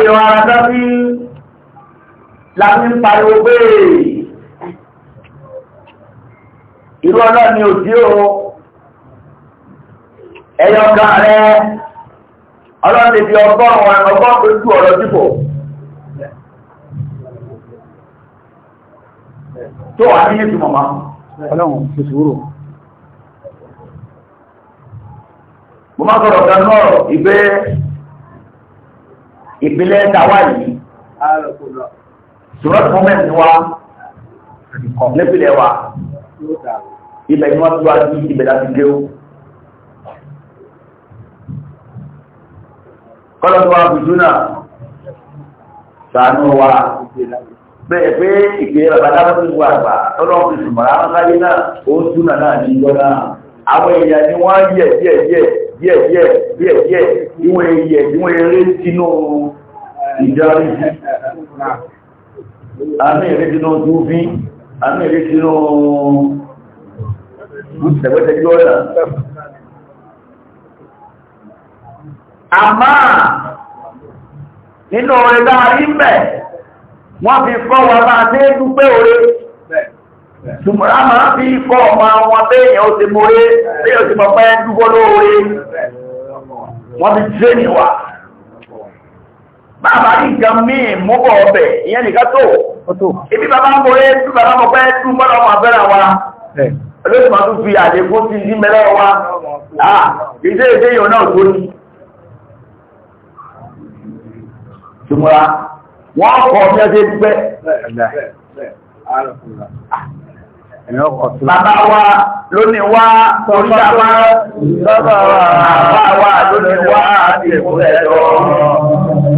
ìwà àrádá sí láti ń pariwo pé ìlú ọlọ́ ni ò tí ó ẹyọ kan rẹ ọlọ́dẹ̀ bí ọgọ́rùn-ún ọgọ́rùn ojú ọ̀rọ̀ dìbò tó wà ní ìtumọ̀ máa ọlọ́run ti sùúrù mo máa sọ̀rọ̀ kan ìgbé ìpínlẹ̀ tàwa yìí ṣùgbọ́n gọ́ọ̀mẹ̀ntì wa nípìnlẹ̀ wa ibẹ̀ ni wọ́n tó wá sí ibẹ̀ láti gé o. kọ́lọ́ tó wá bùjú náà sànú wa bẹ́ẹ̀ pé ìgbé bàbá dábàá tó wà gbà tọ́lọ́wọ́ fi sùn mọ́ra ńláyé náà ó túnà náà ní ìjọ náà àwọn èèyàn ni wọ́n yẹ̀ díẹ̀ díẹ̀ díẹ̀ díẹ̀ díẹ̀ díẹ̀ ìwọ̀n èèyàn ìwọ̀n eré sínú ìjárí àmì ìrẹ́ sínú túnfí àmì ìrẹ́ sínú ìtẹ̀gbẹ́tẹ̀ gbọ́dà àmá nínú orin láàrí mẹ́ wọ́n fi fọ́ wa máa dé dúpẹ́ orí ṣùgbọ́n máa fi fọ́ ọmọ wọn béèyàn ó ti mú orí béèyàn ó ti mọ̀ pẹ́ dúgbọ́ lóore wọ́n fi tréní bàbá ní nǹkan míì múbọ̀ ọbẹ̀ ìyẹn nìkan tó ibi bàbá ń borí tí bàbá mọ̀ pé tún bọ́lá ọmọ abẹ́rẹ́ wa olóṣù máa tún fi àlékún sí ní mẹ́lẹ́ wa ìdé ìdé ìyọ̀ náà tó ní. ṣùgbọ́n wọ́n kọ́ ọmọ ẹgbẹ́ dúpẹ́. Bàbá wa lónìí wá oríṣà wá, bàbá wa lónìí wá àti ìmúlẹ̀ lọ́rọ̀.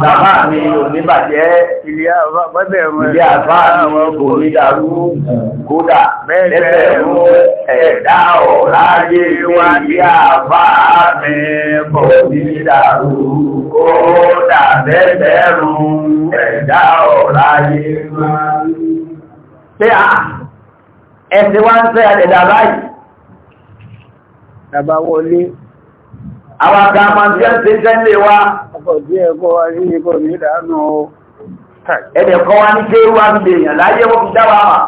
Bàbá mi ò ní bàjẹ́, ilé àbá mi kò ní dàrú, kódà lẹ́bẹ̀rún ẹ̀dá ọ̀láyé wá ilé àbá mi kò ní dàrú, kódà lẹ́bẹ̀rún ẹ̀dá ọ̀láyé wá. Ṣé à, ẹ̀sìn wá ń fẹ́ àdẹ̀dà báyìí? Bàbá wọlé àwọn àgbàmà tí a ń ṣe iṣẹ́ ilé wa ẹ̀dẹ̀ kọ́ wa ní pé wà ní èèyàn láyé wọ́n fi dáwà mà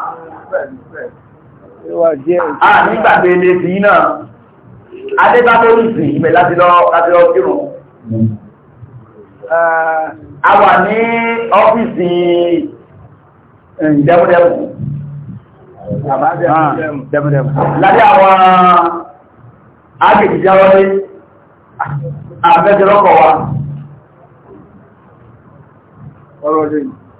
a nígbàgbé ilé sí náà adébábórí sí ibẹ̀ láti lọ kírun ah. a wà ní ọ́fíìsì eh, dẹ́mùdẹ́mù ah, lábẹ́ àwọn agbègbè jáwọ́lé àfẹ́sẹ̀lọ́kọ̀ wa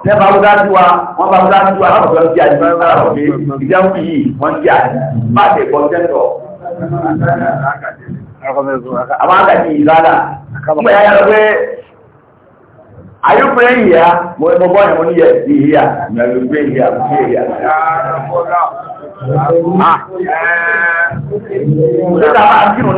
lẹ́bàá wúdájú wa wọ́n bá wúdájú lọ́pọ̀ tí a jẹ́ sára pé ìjẹun yìí wọ́n jẹ́ àjẹ́ má tẹ̀ bọ́ tẹ́tọ̀ àwọn àgàjì ìlànà mú ẹ̀yà lọ pé ayú pé ìyá ah, mo ẹmọ bọ́ ẹ̀mọ́ ní ẹ̀sì ìyá mẹ́lú pé ìyá sí ìyá Ṣé ta máa kírun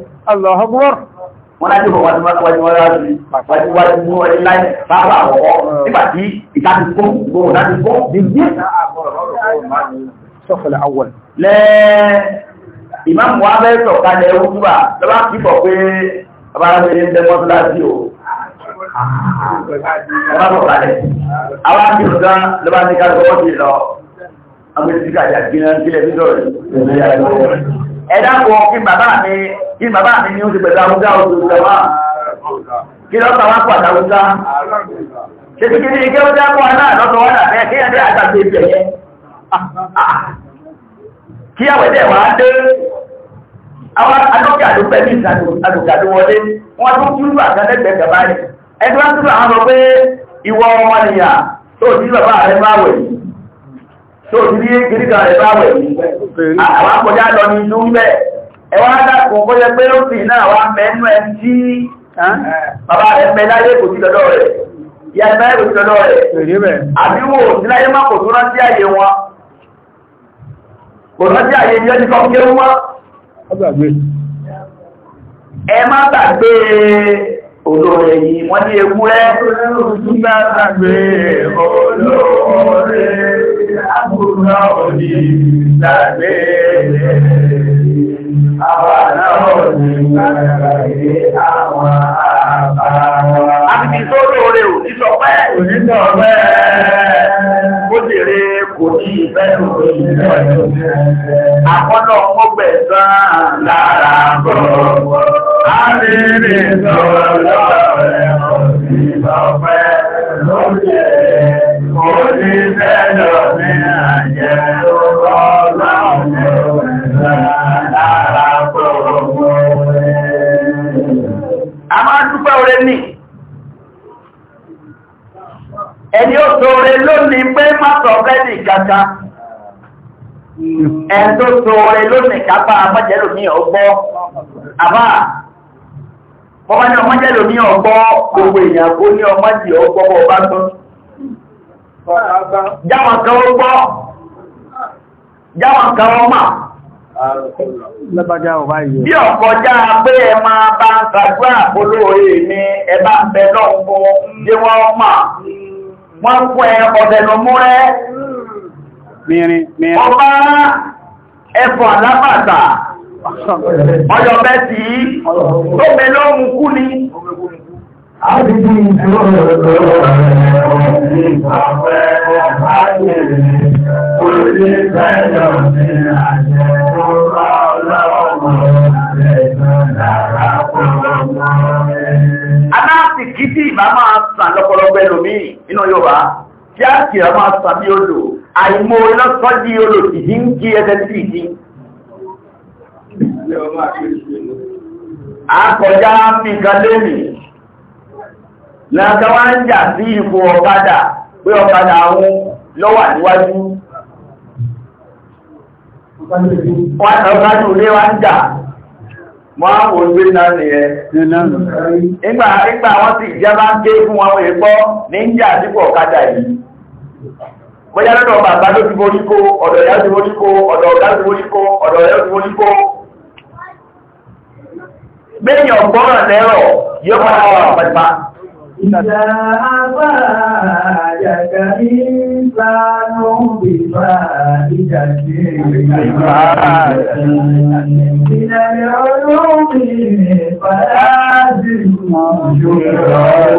Allahu Akbar wọ́n láti bọ̀ wájú wájú wájú wájú wájú mú ọdí láì sábà àwọ̀ nígbà tí ìtàkì kó gbogbo láti kó dìde. sọ́kọ̀lẹ̀ awọ̀ lẹ́ ìmáàmù wa bẹ́ẹ̀ sọ̀kalẹ̀ ojúbà lọ́wọ́ kí bọ̀ pé abáráfẹ́ ń dẹ́mọ́ síláàsì o. ọba sọ̀kalẹ̀ àwọn àti ọ̀gá lọ́wọ́ ní ká lọ́wọ́ sí lọ. àwọn èsì kàjà kí náà kílẹ̀ bí sọ̀rọ̀ ẹ̀dá kọ kí bàbá mi kí bàbá mi ní ó ti pẹ̀lú àwùjá oṣù ìjọba kí lọ́ta wá àwùjá kí ní ike ó já kọ́ náà lọ́tọ̀ wọ́n dà bẹ́ẹ̀ kí ẹ̀dẹ́ àgbàgbé ibẹ̀ yẹn kí wà á dé àwọn adókè àdókè ní ìsàdùkà wọlé wọ́n tún túrú àkàtẹ́gbẹ̀ẹ́ gàbá rẹ̀ ẹgbẹ́ wọn túrú àwọn pé ìwọ ọmọ nìyà tó bàbá máa tó ti rí kiri kan rẹ̀ báwẹ̀ àwọn akọjá lọ ní inú bẹ́ẹ̀ ẹ wá dákun kó yẹ pé ó sì náà wá mẹ́nu ẹ̀ tí bàbá rẹ̀ mẹ́ láyé kò sí lọ́dọ̀ rẹ̀ ìyá ẹ̀ mẹ́rin kò sí lọ́dọ̀ rẹ̀ àbíwò níláyé má kò tó rántí àyè wọn kò rántí àyè yẹn ti kọ́ kéwú mọ́ ẹ má gbàgbé olóore yìí wọ́n ní ewúrẹ́ gbàgbé olóore àbúrò òní ìgbàgbé àwa náà òní ìgbàgbé àwọn àbá wa. Àbíbi tó lóore ò ní sọ pé. Kò ní sọ pé. Ó sì rí kò ní ìfẹ́ lóore ìfẹ́ lóore. Àkọ́nà ọmọ gbẹ̀sán lára bọ̀. Àbíbi tó lóore ò ní sọ pé. Lórí ẹ̀ ní bẹ́lò ní àjẹ́ ọ̀rọ̀ láwọn ẹ̀rọ lára gbogbo rẹ̀. A máa dúpẹ́ oore ní. Ẹni ó ṣoore lónìí pé má sọ fẹ́ ní ìkàkà. Ẹni tó ṣoore lónìí kápá amọ́jẹ́lò ní ọgbọ́. Àbá Ọba ní ọmọ jẹ́ lómi ọgbọ́, gbogbo èèyàn ní ọmọ jì ọgbọ́ ọba tó Jáma kan ó gbọ́, jáma kan ó mà. Bí ọ̀kọjá pé ẹ máa bá ń sàgbà olóòrè ní ẹbá ń bẹ náà fún jẹ́ wọ́n mà. Wọ́n fún ẹ ọ̀dẹ̀nà múrẹ́. Ọba ẹfọ̀ alábàtà, ọjọ́ bẹ́ sí, tó bẹ lọ́mù kú ni. Àdìdì ìjọ́ Aláàtìkí tí ìbá máa sàn lọ́pọ̀lọpọ̀ ẹlòmí nínú Yorùbá, tí a kìí máa sàn bí odò, àìmọ̀ iná sọ́jí odò ìdí ń kí ẹgbẹ́ sí ìdí. Àkọjá fi gan lé mi, láàkà wá ń jà sí ipò ọ̀kadà pé ọ̀kadà àwọn lọ́wà níwájú wọ́n ọ̀kadà wá ń jà wọ́n á wò gbé náà nìyẹn nígbà nígbà wọ́n sì jẹ́ bá ń ké fún wọn ní ń jà yìí lọ́dọ̀ bàbá ló ti borí kó ọ̀dọ̀ ìyá إذا أفاجك إنسان بفائدة من العلوم فلازم شكره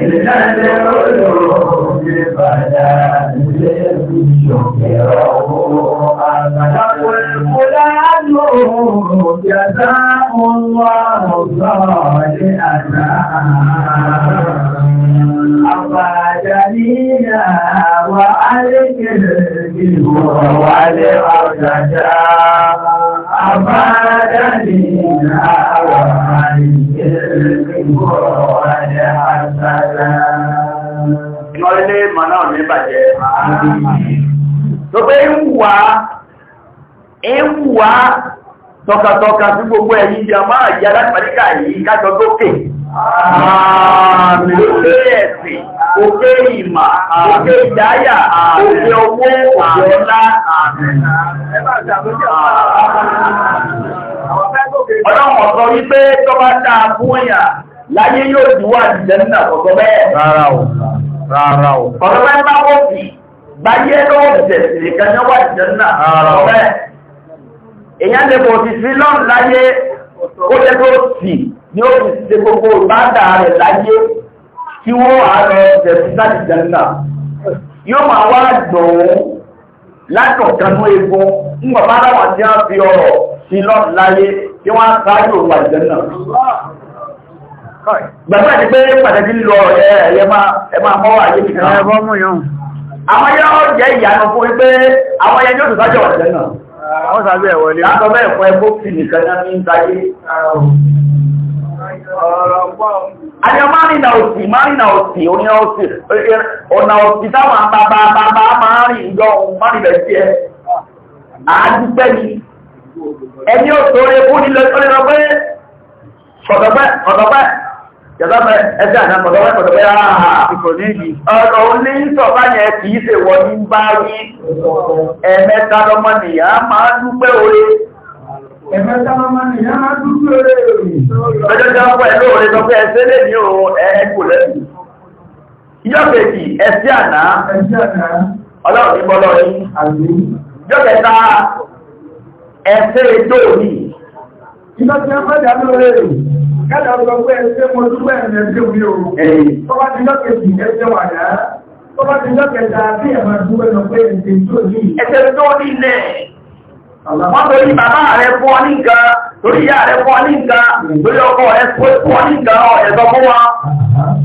أبدا من العلوم بفلا يذكره فالفلان جزاء الله صالحا أفادنينا وعليك الكبر والعرجة أفادنينا وعليك الكبر والحسنة iná ilé ìmọ̀ náà ní bàjẹ́ tó pé ń wà ń wà tọkàtọkà sí gbogbo ẹ̀yìn ìyá máa yà látàríkà yìí kájọ lókè òkè ẹ̀sìn òkè ìmà òkè ìdáyà òkè owó òkè ọlá ọlọ́run ọ̀sọ̀ wípé tó bá dáa fún èèyàn láyé yóò jùwà ìjẹ́ nínú àkọ́kọ́ bẹ́ẹ̀ rárá o. ọ̀rọ̀ bá bá wọ́n fi gbáyé lọ́wọ́ jẹ̀sì nìkan ní wà jẹ́ náà. rárá o. èèyàn lè bọ̀ sí sí lọ́n láyé kó jẹ́ tó sì ní ó fi ṣe gbogbo ìbádà rẹ̀ láyé kí wọ́n á lọ jẹ̀sì láti jẹ́ náà. yóò máa wá dùn látọ̀kanú egun ń bàbá láwọn tí wọ́n fi ọ̀rọ̀ sí lọ́n láyé kí wọ́n á sáájú òun Gbàgbà ti pé pàtàkì lọ ẹ máa mọ́ àyè nìkan. Ẹ bọ́ mú yàn. Àwọn yẹn ó jẹ́ ìyànà fún wípé àwọn yẹn yóò tùtájọ̀ wà lẹ́nà. Wọ́n sàbẹ̀ ẹ̀wọ̀lé. Látọ̀ bẹ́ẹ̀ fún ẹgbó fi nìkan náà ní ìtajé. Àyọ márìnà òsì, márìnà òsì, oníná òsì, ọ̀nà òsì táwọn bàbá bàbá máa rìn ìjọ márìnà sí ẹ. Àádúgbẹ́ ni. Ẹni ò sọ Jọba fẹ́ ẹgbẹ́ àná pọ̀lọ́wẹ́ pọ̀lọ́wẹ́ àhà ọ̀rọ̀ ní sọ̀bá yẹn kì í ṣe wọ ní bá rí ẹ̀mẹ́ta lọ́mọnìyàn máa dúpẹ́ oore. Ẹ̀mẹ́ta lọ́mọnìyàn máa dúpẹ́ oore. Ọjọ́ jọ pẹ̀lú oore sọ pé ẹsẹ́ lè ní o ẹ̀ẹ́kù lẹ́nu. Ìjọ́ Iná ti ń fẹ́ dàbí lórí èrò. Kẹ́lẹ̀ ọ̀sọ̀ pé ẹgbẹ́ mo dúpẹ́ ẹ̀rẹ̀ ẹgbẹ́ mi ò. Tó bá ti lọ́kẹ̀ sí ẹgbẹ́ wà dá. Tó bá ti lọ́kẹ̀ dá bí ẹ̀ máa dúpẹ́ lọ pé ẹgbẹ́ tó ní. Ẹsẹ̀ tó ní ilẹ̀. Wọ́n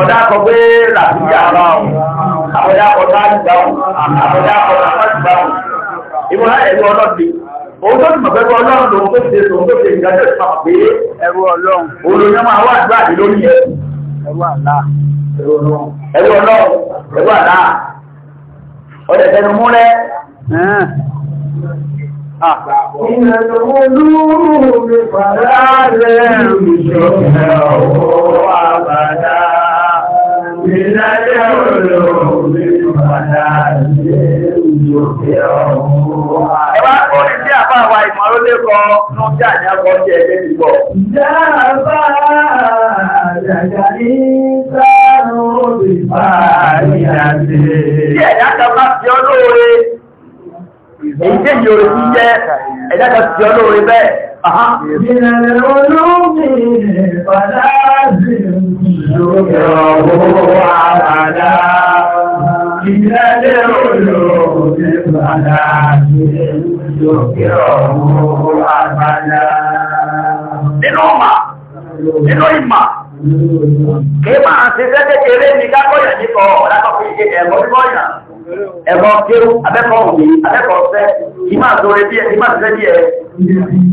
ọ̀dá akọ pé làbújá bá wọn àbọ̀dá akọ tó àjùbá wọn àbọ̀dá akọ tó àjùbá wọn ìwọ̀n ẹ̀rù ọlọ́dẹ òun tó ti mọ̀ pẹ́lú ọlọ́run lòun tó ṣe tòun tó ṣe ìgbàjọ́ ìpapọ̀ pé ẹ̀rù ọlọ́run olóyún máa wà àdúrà dé lórí ẹ̀ ẹ̀rù àlá ẹ̀rù ọlọ́run ẹ̀rù Ẹwà orí tí àbá wa ìmọ̀ ló lé kọ ní ọjọ́ àjábọ̀ tí ẹgbẹ́ ti bọ̀. Ìjábá àjàjà ní sáàrùn òbí fàárí àti. Tí ẹ̀yà kan bá fi ọlọ́ọ̀rẹ́ èyí tẹ́ yóò rí jẹ́ ẹ̀dá kan ti olóore bẹ́ẹ̀. Nínú ọmọ, nínú ìmọ̀, kí máa ṣe sẹ́kẹ̀kẹ̀rẹ́ ní kákọ́yà nípa ọ̀rá ìgbẹ̀ ẹ̀mọ́ ẹ̀kọ́ kéwú abẹ́kọ̀ọ́ òwe abẹ́kọ̀ọ́ fẹ́ kì máa tó rẹ díẹ̀ kì máa tó rẹ díẹ̀. àríyìn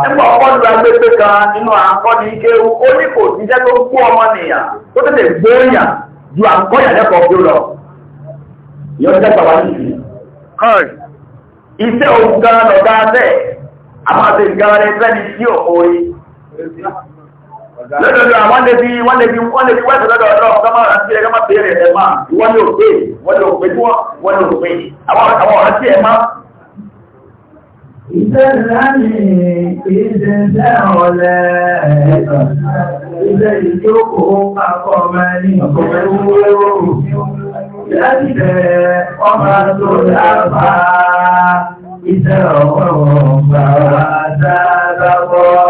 nígbà ọkọ̀ lu agbègbè kan nínú àkọ́ni kéwú ó ní kò síṣẹ́ tó gbó ọmọ tó gbóyà ju àkọ́yà lẹ́kọ̀ọ́ kéwú lọ. nìyí. iṣẹ́ òun gan-an àmọ́ àti sí òkòrí. lọ́dọ̀dọ̀ àwọn lè fi wọ́n lè fi wọ́n lè fi wẹ́sẹ̀ lọ́dọ̀ ọ̀dọ́ ọ̀gọ́mọ̀ rántí ẹgbẹ́ máa bèèrè ẹ̀ máa wọ́n lè òpè wọ́n lè òpè wọ́n lè òpè àwọn ọ̀rántí ẹ̀ máa. Ìtẹ́lá ní ìdẹ́sẹ̀ ọ̀lẹ́ ẹ̀ẹ́dọ̀. Ilé ìjókòó akọ̀mẹ́ ní ọ̀pẹ̀ wúwo. Láti bẹ̀rẹ̀ ọmọ tó lábàá. Iṣẹ́ ọ̀pọ̀ ọ̀gbà wa dáadáa bọ́.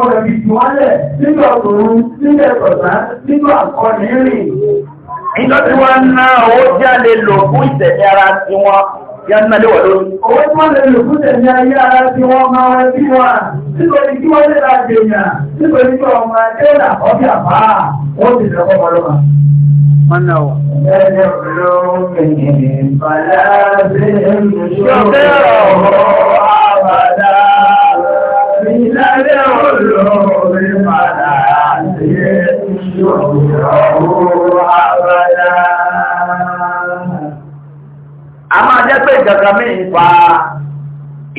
ọ̀rọ̀ bí jùwálẹ̀ nígbà òòrùn nígbà ìtọ̀sán nígbà àkọni rìn. Ìjọ tí wọ́n ná owó tí a lè lò fún ìtẹ̀lé ara tí wọ́n yá ń nálé wà lórí. Owó tí wọ́n lè lò fún ìtẹ̀lé ayé ara tí wọ́n máa wọ́n bí wọn. Nítorí kí wọ́n lè ra jèèyàn, nítorí kí ọmọ ẹgbẹ́ là ọbí àbá, wọ́n ti lọ́kọ́ bọ́lọ́mà. Wọ́n ló ń bẹ̀rẹ̀ bàlá bẹ́ẹ̀ A máa jẹ́ pé ìjọba mi ń fa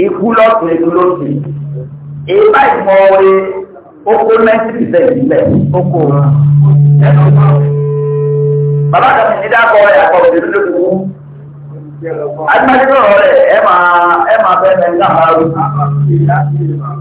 ikú lọ́tún ikú lóṣù. Ìbá ìmọ̀ orí oko ninety percent ìbílẹ̀ oko. Bàbá kan ní dákọ̀ ẹ̀ àkọ́kọ́ ìdílé kúkú. Adúmọ̀dé lọ́rọ̀ rẹ̀ ẹ máa ẹ máa rú.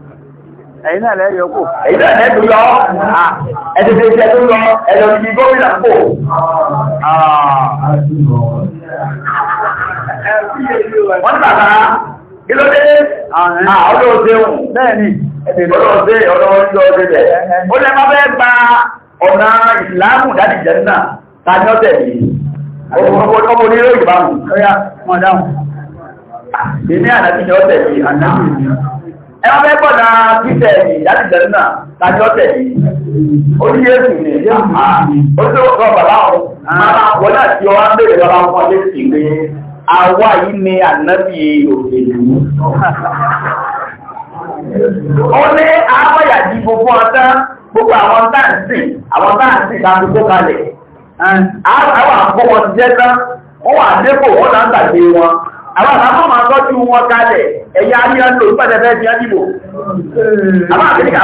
ẹ̀yin náà lẹ́yọ kò. ẹ̀yin náà lẹ́yọ ah, lọ ẹ̀tẹ̀tẹ̀ ìṣẹ́ tó lọ ẹ̀lọ ah. ti gómìnà kò. wọ́n tàbá kí ló dé ah, ọdọ́ òṣèlú bẹ́ẹ̀ni ọdọ́ òṣèlú ọdọ́ òṣèlú ó lẹ́ máa fẹ́ gba ọ̀nà ìsìláàmù dáàdì jẹ́nà tàbí ọ̀tẹ̀ yìí ọmọ onírò ìbámu. èmi àná ẹwà fẹ́ na títẹ̀ ẹ̀yìn láti bẹ̀rẹ̀ náà láti ọ̀tẹ̀ yìí ó ní yéésù ah, ní oṣooṣù bàbá tí lè sì àwa yìí ni ànábì ó ní àbáyà di gbogbo ọ̀tá gbogbo àwọn táǹsì àwọn táǹsì láti kó kalẹ̀ ah, àwọn ti àwọn àbábọ̀ máa tọ́jú wọn kalẹ̀ ẹ̀yà aríyànlò pẹ̀lẹ̀fẹ́ ti á dìbò àwọn àbákẹ́kẹ́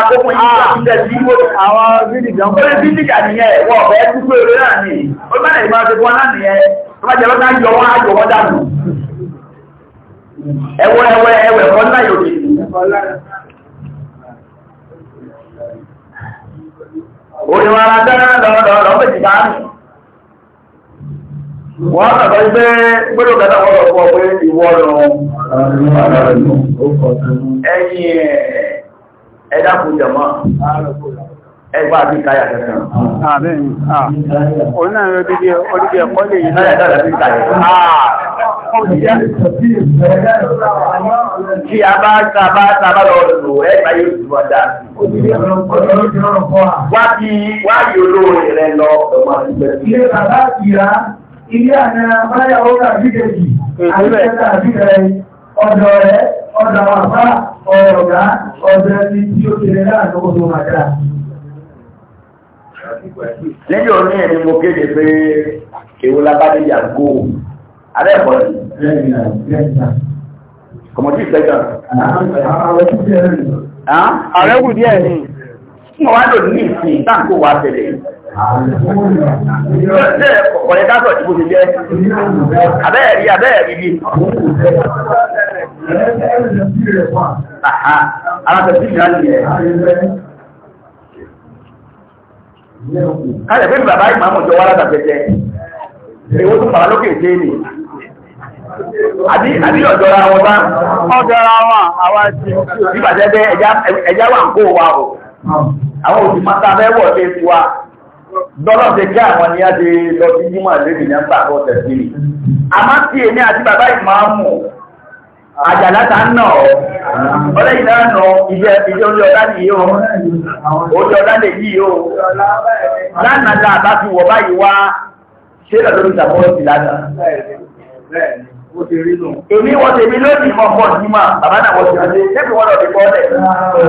akókún ìgbà ìjẹ́ sí ìwò àwọn bídìgà ọ̀pẹ́lẹ̀ bídìgà nìyẹn wọ́n ọ̀bẹ́ ẹ̀kúkú èrè náà ní ó mẹ́rẹ̀ ìmọ̀ ṣe wọ́n náà nìyẹn tó bá jẹ́ lọ́dá yọ wọ́n á yọ wọ́n dànù ẹwẹ́ ẹwẹ́ ẹwẹ́ ẹ̀kọ́ ńlá yòókè òyìnbó ara tẹ́rẹ́ lọ́rọ̀ lọ́pẹ̀ wọ́n á tàbí pé gbọ́dọ̀ kẹta wọ́n lọ fọ́ pé ìwọ lọ ẹ̀yìn ẹ̀dá kù jẹ̀mọ́ ẹgbà àti káyà kẹta. òun náà olùdí olùdí ẹ̀kọ́ lè yí náà dára sí káyà. Tí a bá sábà sábà lọ lò ẹgbà yóò tún wá dáa. Wá kí wá yóò lóore rẹ lọ. Ilé bàbá kìí rà ilé àná báyàwó tàbí kejì àti kẹta àti kẹrin ọ̀dọ̀ rẹ̀ ọ̀dọ̀ àpá ọ̀rọ̀ ọ̀gá ọ̀dọ̀ ẹni tí ó kéré láàrín owó tó máa dáa. lẹ́yìn òní ẹni mo kéde pé èwo lábádé yà ń kó alẹ́ ẹ̀kọ́ ni. kọ̀mọ̀tì ìfẹ́jọ́. ààrẹ kù díẹ̀ ni. mo wá lò ní ìsìn táǹkó wa tẹ̀lé. Ṣé ọ̀rẹ́ dájọ́ tí mo ti jẹ́? Abẹ́ẹ̀rí abẹ́ẹ̀rí bí. Alábẹ̀sí ìyá ni ẹ̀. Káyọ̀ pé bàbá ìmọ̀ jọ wá látàgbẹ̀jẹ. Èwo tún bàbá lókè ṣe ni. Àbí àbí ọ̀jọ́ra wọn bá. Ọ̀jọ́ra wọn, àwa ti. Bí bẹ́ ẹja wà ń kó wa o. Àwọn òṣìṣẹ́ máa ta bẹ́ wọ̀ Dọ́lọ́ ti kí àwọn ni a ti lọ sí Jímọ̀ lébì ní àpá àkọ́ tẹ̀sílì. A máa tí èmi àti bàbá ìmáàmù àjàláta náà ọlẹ́ ìlà nà ilé orí ọ̀dá nìyí o, orí ọ̀dá lè yí o. Lánàá la bá fi wọ̀ báyìí wá ṣé lọ́dọ̀ ní ìsàkọ́ sí lánàá. Èmi wọ́n tèmi lónìí mọ̀ mọ̀ Jímọ̀, bàbá náà wọ́n ti rẹ̀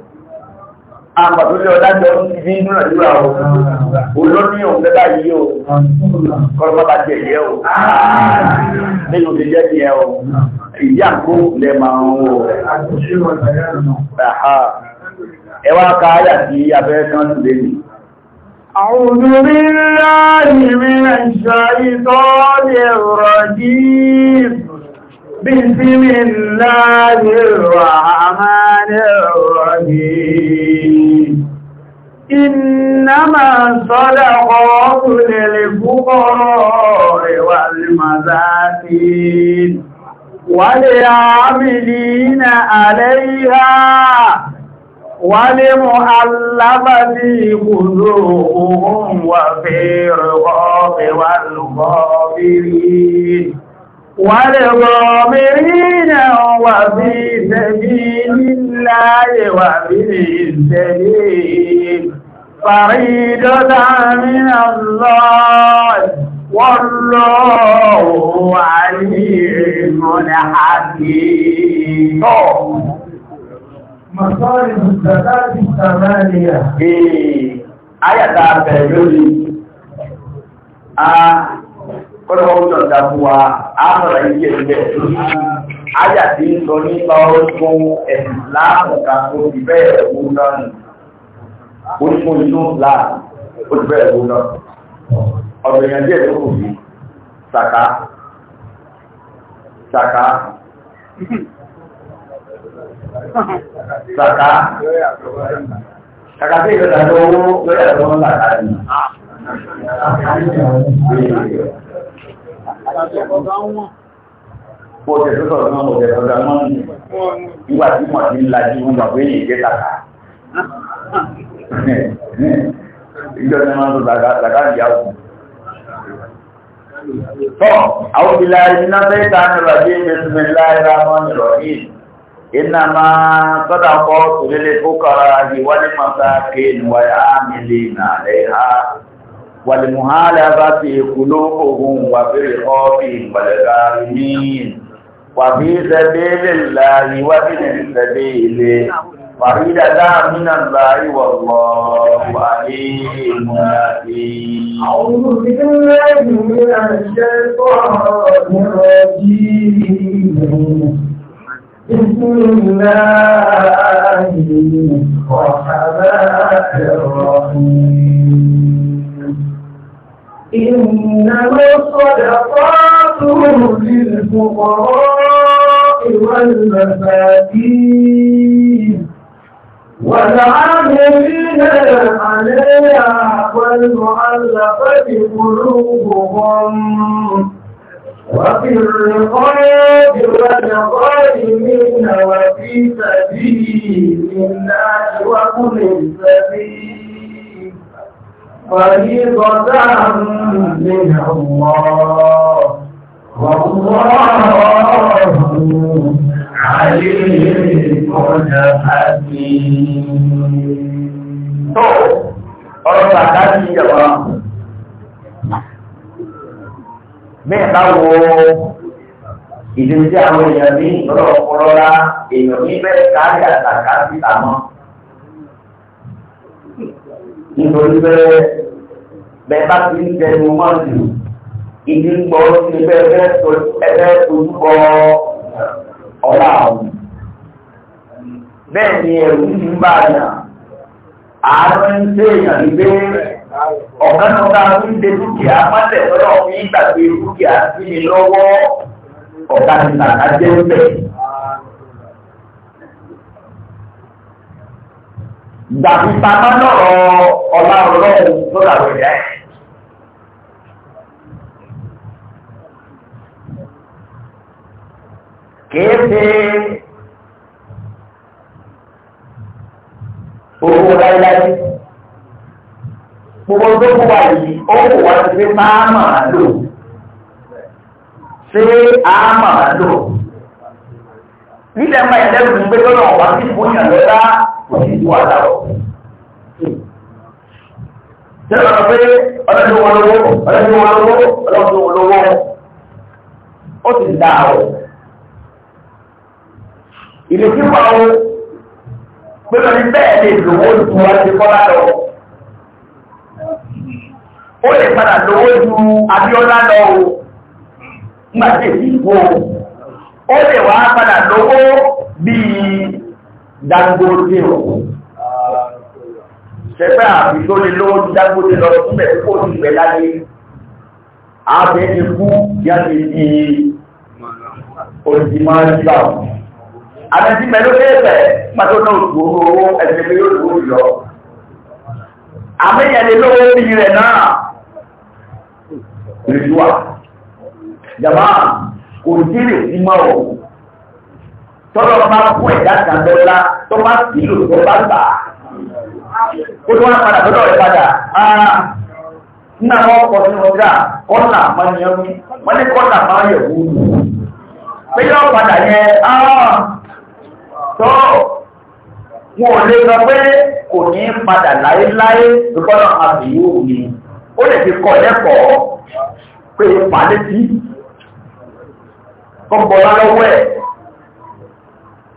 àpàtúndé ọ̀dájọ́ ibi inú àdúrà o olórí òun bẹ́bà yìí o kọ́lọ́mọ́ bá jẹ ìyẹ́ o nínú ti jẹ́ ti ẹ o ìyá kó lẹ máa ń wò ẹ wá ká ayà sí abẹ́rẹ́ kan lè ní. بسم الله الرحمن الرحيم إنما الصدقات للفقراء والمساكين والعاملين عليها ولمؤلفة قلوبهم وفي رقاب والغابرين والغابرين وفي سبيل الله وفي السبيل فريدة من الله والله عليم حكيم مصارف الزكاة الثمانية. إيه. آية تعبير لي. آه kọ́lọ́wọ́ ó jọ̀ǹda fún wa ámọ̀ràn ilé ẹgbẹ́ áyà tí ń sọ nípa ọdún ẹ̀sìn láàmù kan ó ti bẹ́ẹ̀ ẹ̀wù náà nù ó ní fún inú láàmù ó ti bẹ́ẹ̀ ẹ̀wù náà ọ̀dọ̀ èèyàn díẹ̀ tó kù sí sàkà sàkà sàkà sàkà tí ìgbésà tó owó lórí ẹ̀rọ ńlá kàdé. Mo jẹ tó sọ̀rọ̀ náà mo jẹ tó dáná nù. Nígbà tí mo ti ń lajú wọn gbà pé èyí jẹ́ kàkà. Ìjọ ni wọ́n ń sọ kàkà ìyá òkú. Tọ́, àwọn ìlà iná fẹ́ ta ní Rọ̀dí Bẹ́sùmí láìra mọ́ ní Rọ̀dí. Iná máa sọ́dà kọ́ tòlélé kó kọ́ra ìwádìí mọ́ta kéènì wáyà ámì lè nà lẹ́yìn والمهالبة قلوبهم وفي الخوف والغارمين وفي سبيل الله وابن السبيل فريدة من الله والله عليم حكيم أعوذ بالله من الشيطان الرجيم بسم الله الرحمن الرحيم إنما الصدقات للفقراء والمساكين والعاملين عليها والمعلقة قلوبهم وفي الرقاب والغارمين وفي سبيل الله وكل سبيل فريضة من الله والله عليم حكيم ọ̀rọ̀ bàtà ní ìjọba mẹ́ta wo ìdíje àwọn èèyàn ní ọ̀rọ̀ ọ̀pọ̀lọ́lá èèyàn ní bẹ́ẹ̀ kárí àtàkà sí àmọ́ nítorí bẹ́ẹ̀ bẹ́ẹ̀ bá ti ń tẹnu mọ́ jù ìdí ń gbọ́ sí ẹgbẹ́ ẹgbẹ́ orúkọ ọ̀la àwọn. bẹ́ẹ̀ ni ẹ̀rù ń bá yà àárọ̀ ń tẹ èèyàn ní pé ọ̀kan náà ká ń de dúkìá mọ́tẹ̀ lọ́wọ́ fi gbàgbé dúkìá sí mi lọ́wọ́ ọ̀kan ìtàn ajẹ́ bẹ́ẹ̀. gbàgbíta má lọ́rọ̀ ọlá ọlọ́run tó dàrú ẹ̀yà ẹ̀. kìí ṣe owó láíláí gbogbo tó kú wa yìí ó kù wá sí pé má máa lò ṣé á máa lò nílẹ̀ máa ẹlẹ́gùn gbé lọ́nà ọ̀wá sí ìfúnyàn lọ́dá kò ní wà láwọ̀. Tẹ́lá pé ọlọ́dún wọn lówó, ọlọ́dún wọn lówó, ọlọ́dún wọn lówó, ó ti dà ọ̀. Ìrètí wà ó pé lórí bẹ́ẹ̀ lè lówó ju àti Bọ́lá lọ. Ó lè padà lówó ju Abíọ́lá lọ o, nígbà tí èsì ìwò ó lè wá padà lówó bíi Dangote ọ̀pọ̀. Ṣẹ̀fẹ́ àbí tó lè lọ́wọ́ ní Dangote lọ fún bẹ̀ kó ní ìgbẹ̀ a Ààbẹ̀ ti kú yàtì di a ìgbà. Àbẹ̀tí mẹ́lú kéèfẹ̀ pàtó náà gbogbo owó ẹ̀sẹ̀ pé yóò lówó lọ. Àbẹ̀yẹ̀lẹ̀ lówó bí rẹ̀ náà. Rìdúà. Jàmá kò sí rè sí mọ́ òun tọ́lọ́ bá kó ẹ̀dá kan lọ́la tó bá sílò tó bá gbà á. ó tó wá padà lọ́dọ̀ rẹ̀ padà ah, nínú àwọn ọkọ̀ tí wọ́n gbà kọ́nà mọ́niyàn mi wọ́n ní kọ́nà máa yẹ̀ wú mi. pé yọ padà yẹn ah, tọ́ wọn ò lè sọ pé kò ní padà láéláé lọ́gbọ́dọ̀ àbíyú mi ó lè fi kọ́ lẹ́kọ̀ọ́ pé pàdé sí kọ́ bọ́lá ẹ̀.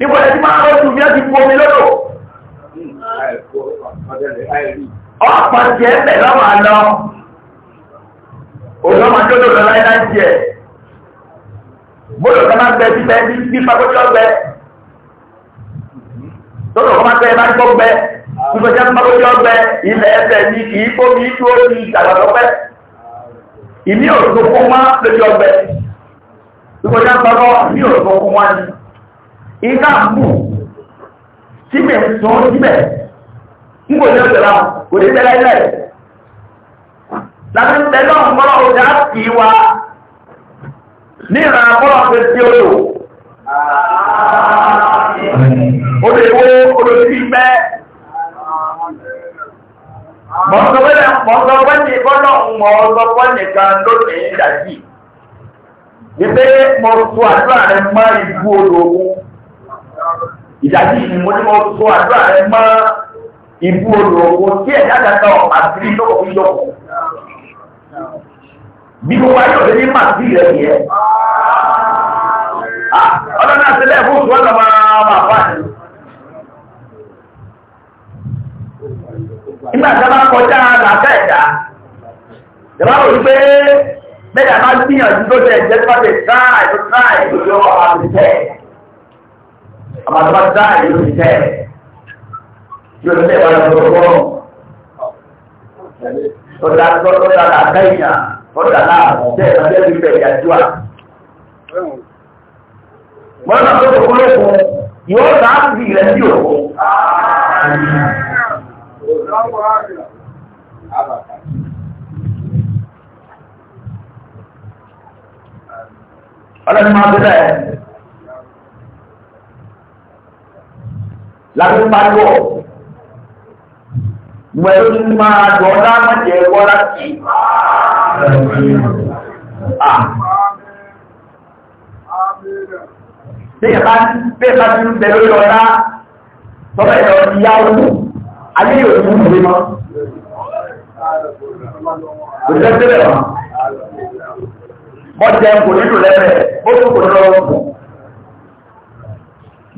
níbo ẹ ti máa rọ́ọ̀tù bí ẹ ti bu omi lọ́dọ̀. ọ̀pọ̀ tiẹ̀ bẹ̀ lọ́wọ́ àlọ́ òlọ́mọdé lọ́dọ̀ láíláí tiẹ̀ bóyọ̀ ká máa gbẹ bíbẹ bí bí pàkójọ́ gbẹ lọ́dọ̀ kọ́ máa gbẹ bá ń gbọ́ gbẹ ìgbẹ́jẹ́ pàkójọ́ gbẹ ilẹ̀ ẹ̀fẹ̀ ni kì í bómi dúró ní ìdàgbàsọ́pẹ́ ìmí òṣùpọ̀ máa lójú ọgbẹ ìgbẹ́jẹ́ pàkó ìmí òṣùpọ̀ máa ní. ìka mú síbẹ̀ sọ síbẹ̀ ń kò ní ọ̀sẹ̀lá kò ní tẹ́lẹ̀ ilẹ̀ láti tẹ́lẹ̀ ọ̀pọ̀lọ̀ ọjà sí wa ní ìrànà ọ̀pọ̀lọ̀ ọ̀sẹ̀ tí ó lò olèwó olóṣì pẹ́ mọ̀sọ̀wẹ́lẹ̀ mọ̀sọ̀wẹ́lẹ̀ bọ́lọ̀ mọ̀ọ́sọ̀wẹ́nìkan lónìí ìdájì wípé mọ̀sọ̀ àdúrà rẹ̀ máa ìbú olóògùn ìdájí ìmọ̀lẹ́mọ̀ tó àdúrà rẹ mọ́ ìbú olùrọ̀wọ́ tí ẹ̀dá kàkà àti ìjọkọ̀ fún ìjọkọ̀. Bí mo wáyé ọ̀rẹ́ ní màá sí rẹ̀ yẹ. Ah, Ọ̀dọ́ náà ṣe bẹ́ẹ̀ fún oṣù ọ̀nà máa máa fà ní. Nígbà tí a bá kọjá làbẹ́ ẹ̀dá, ìjọba rò wípé mẹ́ta máa gbìyànjú tó ṣe ẹ̀jẹ̀ tó bá ṣe tíráì tíráì tó ọ̀rọ̀ àti tẹ́ẹ̀ àmàlùmá dá ìlú ti tẹ́ yóò tẹ́ ìwà lọ́wọ́ fọ́ọ̀rọ̀ lọ́dà lọ́dà làdá ìyà lọ́dà náà tẹ́ ìwà tẹ́ ìwà ìyà jùlọ. wọ́n náà lọ́wọ́ fọ́ọ̀rọ̀ yóò dá sí ilẹ̀ sí òkú. ọlọ́run máa ń bẹ̀rẹ̀. láti pàtó pẹ̀lú máa dọ̀ọ́dá mọ́jẹ̀ wọ́lá sí Bẹ́ẹ̀bá ti ń bẹ̀rẹ̀ lọ́lá sọ́bẹ̀ ẹ̀rọ ti yá ojú, ayé yóò mú ìwé mọ́. Òṣìṣẹ́ sílẹ̀ wọn. Mọ́jẹ̀ kò nílò lẹ́rẹ̀, ó tún kò lọ́rọ̀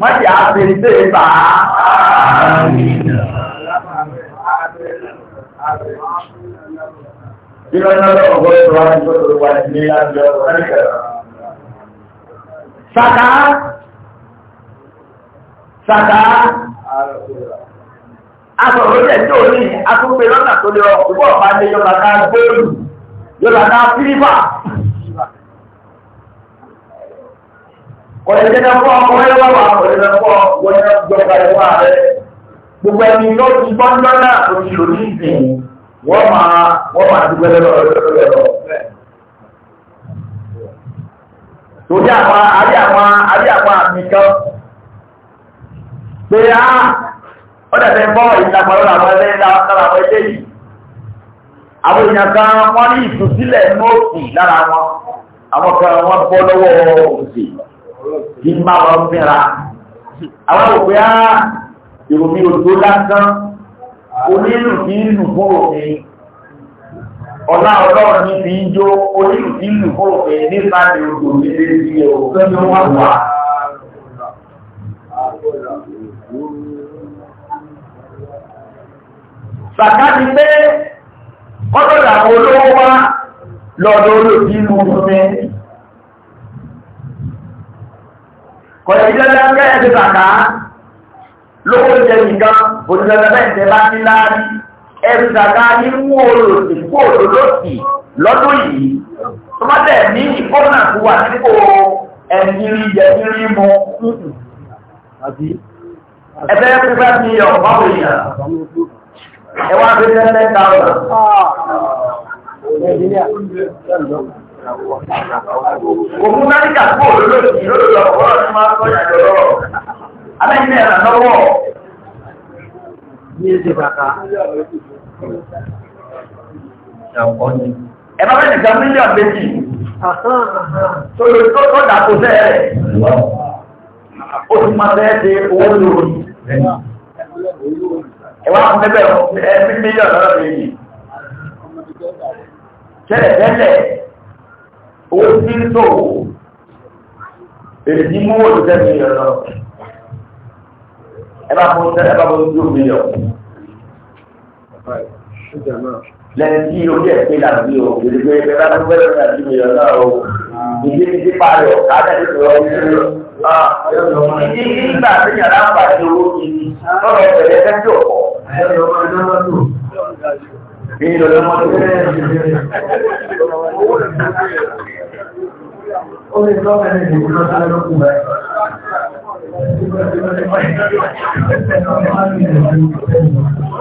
mọ́tì àfẹ́sẹ̀ bá Sàkà Sàkà Asọ̀rọ̀ jẹ́ tí ò ní àtúnpé lọ́nà tó lè ọkùnbọ̀ ọ̀pá lé yọ́bàká góòlù, yọ́bàká fífà. ọ̀yẹ̀dẹ́dẹ́ fún ọkọ̀ wọ́n wà ọ̀yẹ̀dẹ́ fún ọkọ̀ yẹ́ gbọ́gbà rẹ̀ gbogbo ẹni ló ti gbọ́ lọ́nà tó ti lò ní ìsìn wọ́n máa wọ́n máa àmì kan pé á bọ́ lára àwọn yìí àwọn èèyàn kan wọ́n ní ìtúsílẹ̀ nóòtì lára wọn kí n bá lọ fẹ́ra àwọn òpé á ìròmí òjò lásán onírù kí ń lù fún òfin ọ̀nà ọlọ́run ní fi ń jó onírù kí ń lù fún òfin nípa ní odò nílé sí ọ̀gbẹ́ ní wọ́n wà pé ọdọ́dà olówó wá lọ́dọ̀ olóòtí ìlú ọdún mẹ́rin. kọ̀yẹ̀ ìjọba kẹ́yẹ̀ ti bàtà lówó jẹ nìkan òṣìṣẹ́ bẹ́ẹ̀ bá ní láàrí ẹ̀rù sàkà nínú olòsì kó olòsì lọ́dún yìí tó má tẹ̀ ní ìkọ́nà tó wà nípò ẹ̀dínrí yẹ̀dínrí mu ẹ̀fẹ́ pípẹ́ ti ọ̀pá òyìnbá ẹ̀wọ̀n abẹ́rẹ́ ten thousand. Ah. Òkú Náríkà kú olólòsì lọ́dọ̀ ọ̀rọ̀ tí máa ń sọ ìyàjọ lọ́rọ̀. Alẹ́yìn ẹ̀rà lọ́wọ́. Ní èdè bàkà. Ẹ bá fẹ́ nìkan mílíọ̀nù méjì. Tòlò tó tó dàpọ̀ sẹ́ẹ̀. Ó ti máa fẹ́ ṣe owó lórí. Ẹ wá fún ẹgbẹ̀rún mílíọ̀nù lọ́dọ̀ méjì. Tẹ́lẹ̀ tẹ́lẹ̀ owó tí ń tó èdè mú owó tó tẹ́lẹ̀ yẹn lọ ẹ bá fún tẹ́lẹ̀ bá fún tó mílíọ̀nù. lẹ́yìn tí orí ẹ̀ pé làbí o èdè pé ẹ bá fún bẹ́ẹ̀ náà tí mílíọ̀nù náà o ìdí ní ti parí ọ̀ káàdà tó lọ sí i. Ah, ìdí nígbà tí yàrá ń owó yìí lọ́rọ̀ ẹ̀rẹ́ fẹ́ tí ò pọ̀. Èyí lọ́dọ́ mọ́ Ó lè lọ́wọ́ ẹni ìlú lọ́dọ́ lọ́kùn rẹ̀. Èyí lọ́dọ́ ẹ̀rọ ń ṣe ẹ̀. Ẹni bí ó ti mọ̀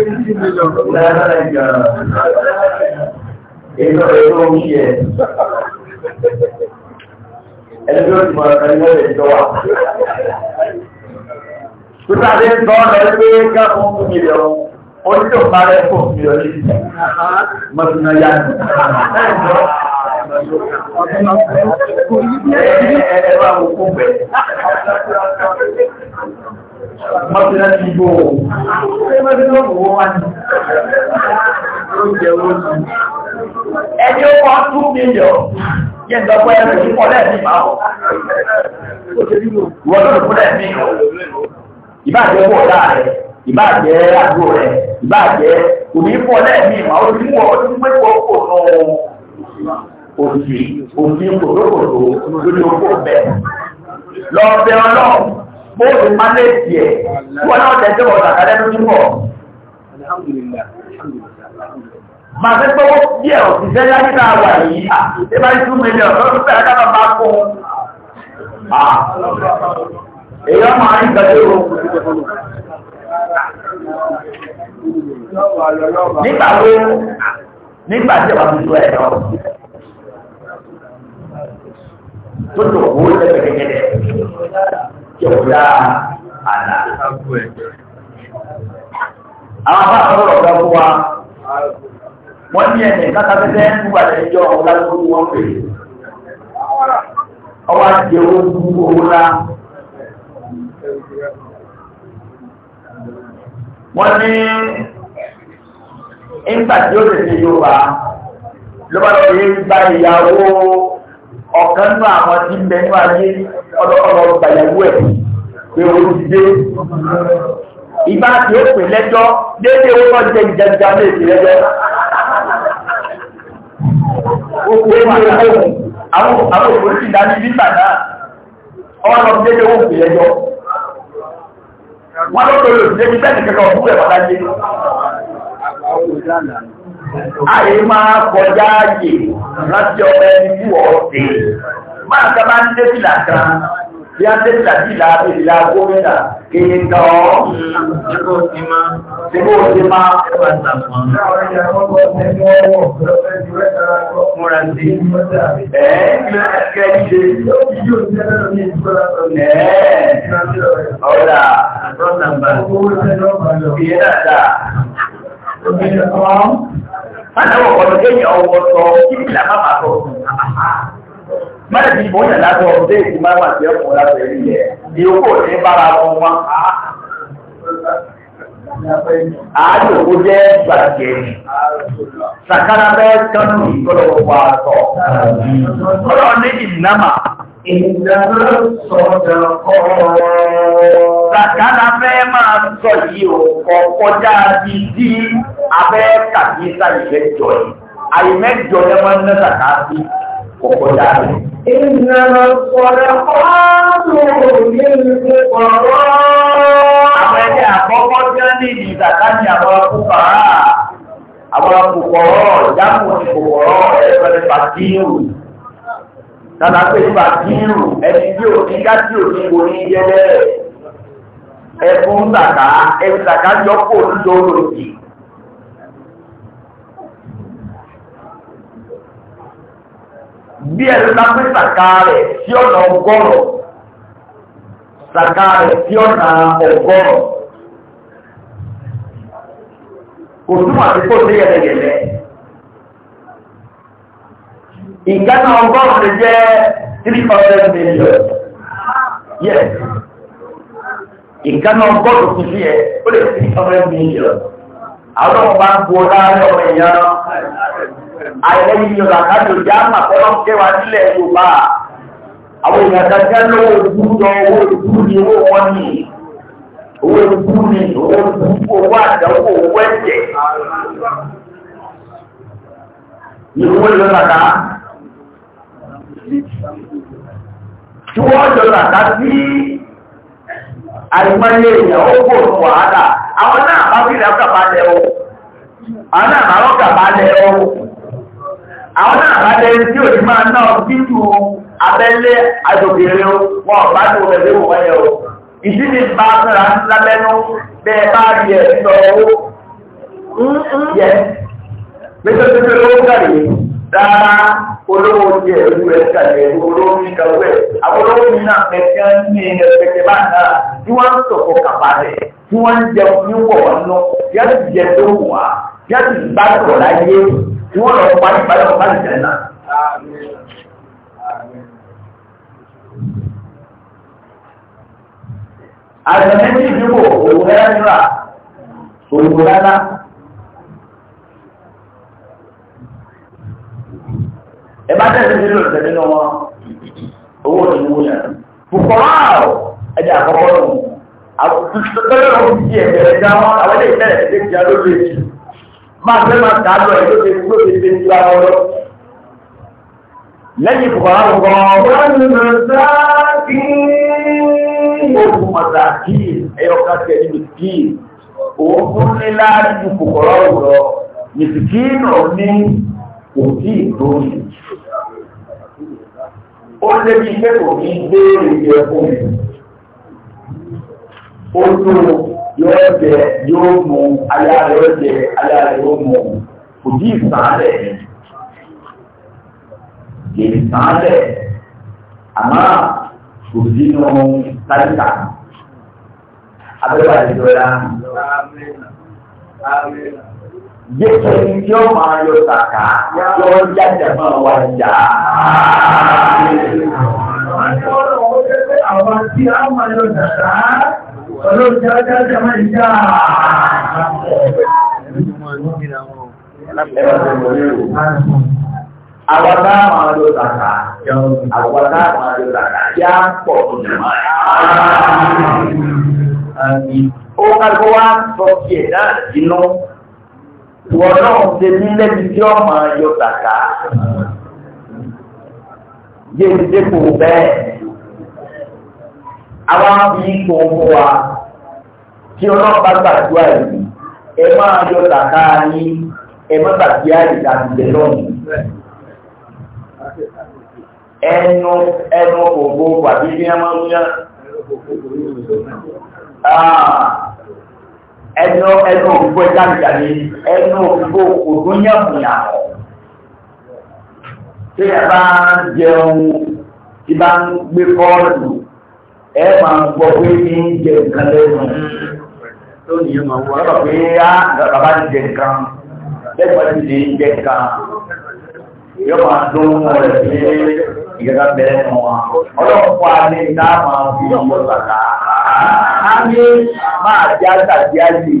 ọ̀rọ̀ ẹni lọ́dọ̀ ìjọ wa. Títà lè sọ ọ̀rọ̀ ẹgbẹ́ káàkùn fún ìlẹ̀ ọ̀hún oníṣẹ́ ò parẹ́ pọ̀ mi ò lè mọ̀túnà yá ni. Ẹ̀rọ àwọn òkú bẹ̀. Mọ̀túnà ti gbó o. Ṣé mọ̀túnà òwò wá ní? Oúnjẹ wo ni? Ẹni ó kọ́ two million yẹ ń dọ́gbọ́ ẹ̀rọ ìkọ́ lẹ́ẹ̀mí máa wọ̀. Wọ́n ló lò fún lẹ́ẹ̀mí. Ìbáàjẹ́ wọ̀ láàrẹ̀ ìbá jẹ́ àgbo rẹ̀ ìbá jẹ́ òní fọ́ lẹ́ẹ̀mí ìmọ̀ ó ti mú ọ ti gbé kókò nù òsì òsì kòtòkòtò lórí oko bẹ́ẹ̀. lọ bẹ ọlọ́run bóòlù mánéèjì ẹ̀ wọn náà tẹ̀sí ọ̀sà kálẹ́ tó túbọ̀. màá fi gbọ́ díẹ̀ òṣìṣẹ́ láti ká wà yìí ṣé bá tún mi lẹ̀ ọ̀sán tó fẹ́rẹ̀ ká bàbá nígbà wo nígbà tí ìwà tuntun ẹ̀ lọ tó lò wó lẹ́gbẹ̀ẹ́ gẹ́gẹ́dẹ́ kí o dá àná. àwọn bá àwọn ọ̀rọ̀ ọ̀gá fún wa wọ́n ní ẹ̀sìn káta tẹ́tẹ́ nígbà tí ìjọ ọ̀gá tó kú wọn pè ọwọ́ àti owó owó ńlá wọ́n ní ìgbà tí ó tètè Yorùbá ló bá lọ rí gba ìyàwó ọ̀kan nínú àwọn tí ń bẹ nínú ayé ọlọ́ọ̀lọ́ gbàyàwó ẹ̀ pé o ti dé ìgbà tí ó pè lẹ́jọ́ déédéé owó náà jẹ́ ìjẹjẹjẹ lè fi lẹ́jọ́ òkú ẹni owó àwọn òkú ti dání nígbà náà ọlọ́ọ̀ déédéé owó pè lẹ́jọ́ wọ́n ló lòlò débi bẹ́ẹ̀ nìkankan ọ̀fún rẹ̀ bàbá jẹ́ àyè máa kọjá ààyè láti ọmọ ẹni tí wọ́n ṣe máa ká bá ń débìlà kan bí a tẹ́ tàbí ìlàbí ìlà gómìnà èyí ń tọ́ ṣíkò sí máa ṣíkò sí máa ẹwà sàfún múra sí ẹ̀ẹ́ ọ̀rà rọ́nàmbà ìyẹ́dàdà Máa náwọ̀ ọ̀rọ̀ kéyìn ọwọ́ sọ kí ìlà máa máa sọ mẹ́rin ti bóyá látọ̀ ọdún èyí máa wà sí ọkùnrin látọ̀ èyí yẹ ìyókù ní bára wọn wá. Àádò kó jẹ́ gbàgbẹ́ sàkárà bẹ́ẹ̀ kánú ìkọlọ̀ wà sọ. Kọ́lọ̀ ní ìnámà. Sàkárà bẹ́ẹ̀ máa sọ yìí o, ọ̀kọjá bíi tí abẹ́ kàbí sáyẹ̀ jọ yìí. Àyè mẹ́jọ lẹ́wọ́n sàkárà bíi kọ̀kọ́dá rẹ̀. Ìnàmọ̀ sọ̀rọ̀ fọ́ọ̀rọ̀ ní ìfọ̀rọ̀. Àwọn ẹgbẹ́ àkọ́kọ́ jẹ́ ní ìdàkà ní àwọn kúkàrá. Àwọn kòkòrò ìjáàmù ní kòkòrò ẹgbẹ̀rẹ̀ bàtírù. Tàbí pé bàtírù ẹni tí ò ní ká tí ò ní kò ní jẹ́lẹ̀. Ẹ̀fún ìdàkà, ẹ̀fún ìdàkà jọ́pọ̀ ní bí ẹni bá pín sàká rẹ̀ sí ọ̀nà ọgọ́rọ̀ sàká rẹ̀ sí ọ̀nà ọgọ́rọ̀ kò túmọ̀ sí kò sí yẹlẹyẹlẹ ìkànnà ọgọ́rùn lè jẹ́ three hundred million yes ìkànnà ọgọ́rùn tuntun yẹ ó lè three hundred million àwọn ọmọ bá ń bu ọlá ní ọmọ ìyá náà. àìlẹ́ yìí lọ làkàtò já kẹwàá nílẹ̀ Yorùbá àwọn èèyàn kẹjẹ lówó ìdúró owó ìdúró ni owó wọn ní owó ni owó ìdúró owó owó ẹ̀jẹ̀ ni owó ìlú làkà tí wọ́n jọ làkà sí àìmọye èèyàn ó kò ní wàhálà àwọn náà bá fi ọkà balẹ̀ o àwọn náà bá àwọn náà bá tẹ́lẹ̀ tí ò ní máa náà títù abẹ́lé àjòkèrè wọn bá tó bẹ̀rẹ̀ wọ́n yẹ o ìdí ni bá sára lábẹ́nú bẹ́ẹ̀ bá rí ẹ̀ sọ owó yẹ pẹ́tẹ́pẹ́tẹ́ ló gàrí rárá olówó ti ẹ̀ lójú ẹ̀ gàrí ẹ̀ olówó ní ìkàwé ẹ̀ àwọn olówó ní náà pẹ̀tẹ́ ní ẹ̀pẹ̀tẹ́ bá náà tí wọ́n ń sọ̀kọ̀ kàbàlẹ̀ tí wọ́n ń jẹun ní wọ̀wọ́ náà yẹ́n ti jẹ tó wù wá tí ti bá sọ̀rọ̀ láyé tí wọ́n lọ parí parí ọ̀pá ìjẹ́ náà. Àgbẹ̀ méjì dìbò òun ẹ́rẹ́dúrà òun dáná. Ẹ bá tẹ̀sí nínú ìṣẹ́ nínú wọn, owó ni wọ́n yàn. Fùkọ̀rọ̀ ẹ̀jẹ̀ àkọ́kọ́ lòun. Àwọn tuntun tó lọ́wọ́ ti di ẹ̀jẹ̀ ẹ̀jẹ̀ wọn, àwọn ilé ìtẹ̀lẹ̀ ti di ẹ̀jẹ̀ lórí èjì máa fẹ́ máa kà á lọ ẹ̀ lóde lóde ṣe ń gba ọ̀rọ̀. lẹ́yìn ìfọ̀kàrà ń gbọ́. wọ́n ní mọ̀sáàkì. oògùn mọ̀sáàkì ẹ̀yọ̀ká tẹ̀ ní mìsíkì. oògùn nílá ju fòkòrò ọ̀rọ̀ mìsíkì náà ní òtí ìdóni. ó lé bí iṣẹ́ kò ní gbé ìgbẹ́ fún mi. ó tó yóò jẹ yóò mú aya rẹ̀ yóò jẹ aya rẹ̀ yóò mú kò dí ìsàlẹ̀ kì í sàlẹ̀ àmọ́ kò sínú táyìkà abẹ́rẹ́ àdìjọ́ra. Yéèké ni tí ó máa yọ sàkà yọ jáde máa wá jà. Àwọn tí a máa yọ sàkà. Ọlọ́run jẹ́ ọjọ́ ọjọ́ máa ń jà. Àwọn táwọn àjò tàkà, àwọn táwọn àjò tàkà, yá pọ̀ ìjọba. Ó kàgbọ́ wá sọ sí ẹ̀dá ìná. Wọ́n náà ṣe ní lẹ́bi tí ó máa yọ tàkà. Yé ti bẹ́ẹ̀ àwọn fi kò fún wa tí ọlọ́pàá gbàdúrà yìí ẹ máa yọ tàkà ní ẹ má bàtí àyíká ti jẹ lọ́nà ẹnu ẹnu ògbó pàdé bí ẹ máa ń yá ah, ẹnu ẹnu ògbó ẹja nìjà ní ẹnu ògbó òdúnyàmùyà tí ẹ bá ń jẹun tí bá ń gbé kọ́ọ̀lù ẹ máa ń gbọ́ pé ní jẹ nǹkan lẹ́nu lónìí máa wọ́n rọ̀ pé á bàbá ti jẹ nǹkan lẹ́gbọ́n ti lè jẹ nǹkan yóò máa dún mọ́ rẹ̀ pé ìjọba bẹ̀rẹ̀ nù wọn ọlọ́pàá ní ìdá máa fi ọmọ bàtà á ní máa jẹ́ àtàkì àjì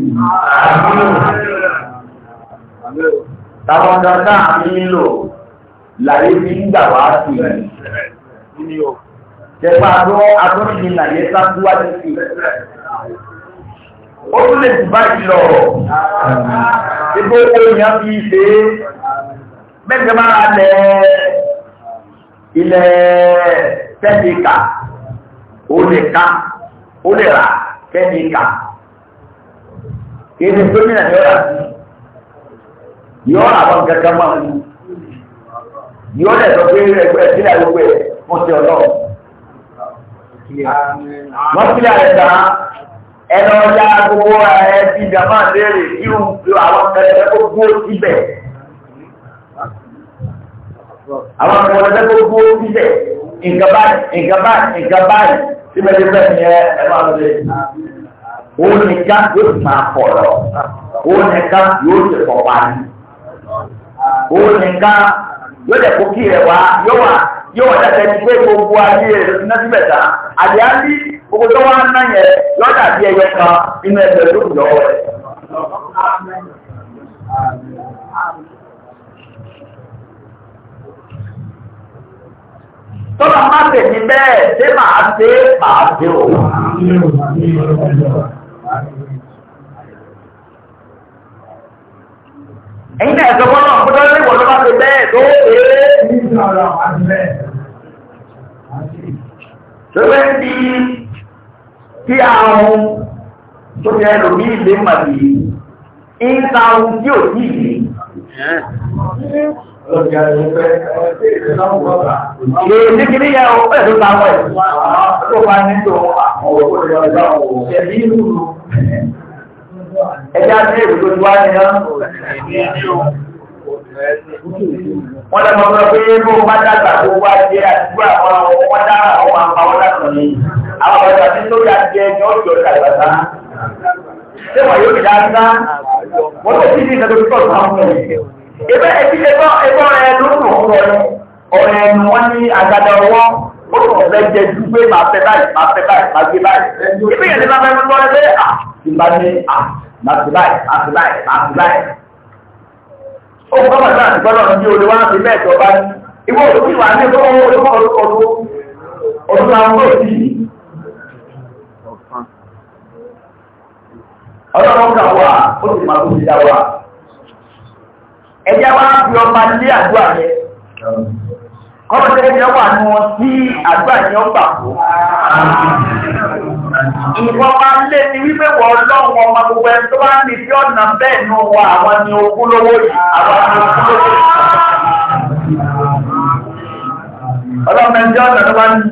táwọn kan náà nílò láyé fi ń gbà wá sí i Jẹ̀pá àbọ̀ àbọ̀nìyí nàyẹ sáfúwájú sí. Ó tún lè jù báyìí lọ. Ibo owó fi ṣe é. Mẹ́jọ máa lẹ ilẹ̀ tẹ́nìkà. Ó lè ká, ó lè rà tẹ́nìkà. Kì í ṣe gómìnà ni ó rà sí. Yọ́ àwọn gẹ́gẹ́ máa ń yọ́ lẹ̀ sọ pé ẹgbẹ́ sílẹ̀ gbogbo ẹ̀ mọ́ sí ọlọ́run mọ́sílì àìsà ẹnà ọjà gbogbo ẹ ti dàmà léèrè irú àwọn kẹlẹ́kẹ́ tó gbó síbẹ̀ àwọn kẹlẹ́kẹ́ tó gbó síbẹ̀ nǹkan báyìí nǹkan báyìí nǹkan báyìí síbẹ̀síbẹ̀ ni ẹ ẹ máa lè òun nìkan yóò ti máa pọ̀ lọ òun nìkan yóò ti pọ̀ pa ni yóò wọ́n tẹ̀sẹ̀ ti pé gbogbo ayé rẹ̀ lọ́sí náà síbẹ̀ tán àdìá ní gbogbo tó wá ń ná yẹn lọ́dà bí ẹyẹ kan inú ẹgbẹ̀rún lókùn lọ́wọ́ rẹ̀. tọ́lá má tè ní bẹ́ẹ̀ ṣé màá ṣe màá ṣe o. ẹ̀yin náà ẹ̀sọ́ bọ́lá ọ̀pọ̀tọ́ lè wọ̀ lọ́ba ṣe bẹ́ẹ̀ tó ee. Ṣọlá ń di tí àrùn tó ti ẹnu bí ilé màbí ń ta ohun tí ò tí ì rí. Èdè kìíní yẹn o, bẹ́ẹ̀ tó ta wọ̀ ẹ̀. Tó bá ní tó àwọn ọ̀pọ̀lọpọ̀ ẹ̀bí ìlú ẹjá sí èbùdó tí wá nìyàn wọ́n lọ́mọ pé pé bó bá dàgbà tó wá jẹ́ àdúgbò àwọn ọmọ wọn dá àwọn àpawọ́ dàgbà ní àwọn ọ̀dọ́ tí lórí àjẹ́ ẹni ọ̀dọ́ dàgbà tá ṣé wọ́n yóò dá ńlá wọ́n tó ti di ìdájọ́ tó tọ̀ sáwọn ọmọ rẹ̀ ẹgbẹ́ ẹtí ẹgbọ́ ẹgbọ́ ẹnu ọ̀rọ̀ ọ̀rọ̀ ẹnu wọn ní agbada ọwọ́ ó lọ fẹ́ jẹ dúgbé máa fẹ́ báyìí máa fẹ́ báyìí máa gbé báyìí máa ti báyìí máa ti báyìí máa ti báyìí. ó kọ́ bàtà àti gbọ́dọ̀ ní olè wá sí bẹ́ẹ̀ tó bá ní ìwọ òkú ìwà ní ọdún ọdún ọdún ọdún àwọn òsì yìí. ọlọ́run kà wá ó sì máa kúrò dá wá. ẹ̀yà wá fi ọba lé àdúrà rẹ̀. kọ́mọ̀tẹ́lẹ́ ni ọ wà nù wọn sí àdúrà ni ọ gbà fún. Ìwọ́n máa lé ní wípé wọ ọlọ́run ọmọ gbogbo ẹni tó bá ń ní bí ọ̀nà bẹ́ẹ̀ nù wa àwọn ni ogúnlówó yìí, àwọn ni ogúnlówó yìí. Ọlọ́run ẹni tí ọ̀nà tó bá ń ní.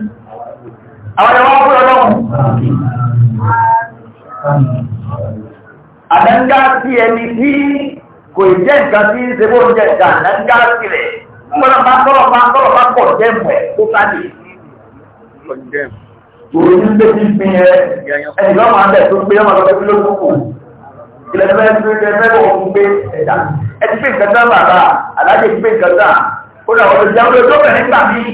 Àwọn ẹ̀wọ̀n fún ọlọ́run. Àdẹ́ńgá sí ẹni tí kò jẹ́ nǹkan tí ń ṣe bó ń sí rẹ̀. Kọ́lọ̀ bá kọ́lọ̀ bá kọ́lọ̀ bá kọ̀ jẹ́ mọ̀ ẹ̀ kó sáà òun ní pé kí fi ẹ ẹni lọ́mọ abẹ tó gbé ọmọ lọ́dọ́ ló kú ilẹ̀ fẹ́ fẹ́ fẹ́ bọ̀ fún pé ẹ̀dá ẹ ti pé nǹkan tán bàbá àdájọ́ ti pé nǹkan tán ó dà wọ́n jẹun lójú ọ̀bẹ̀ nígbà mí.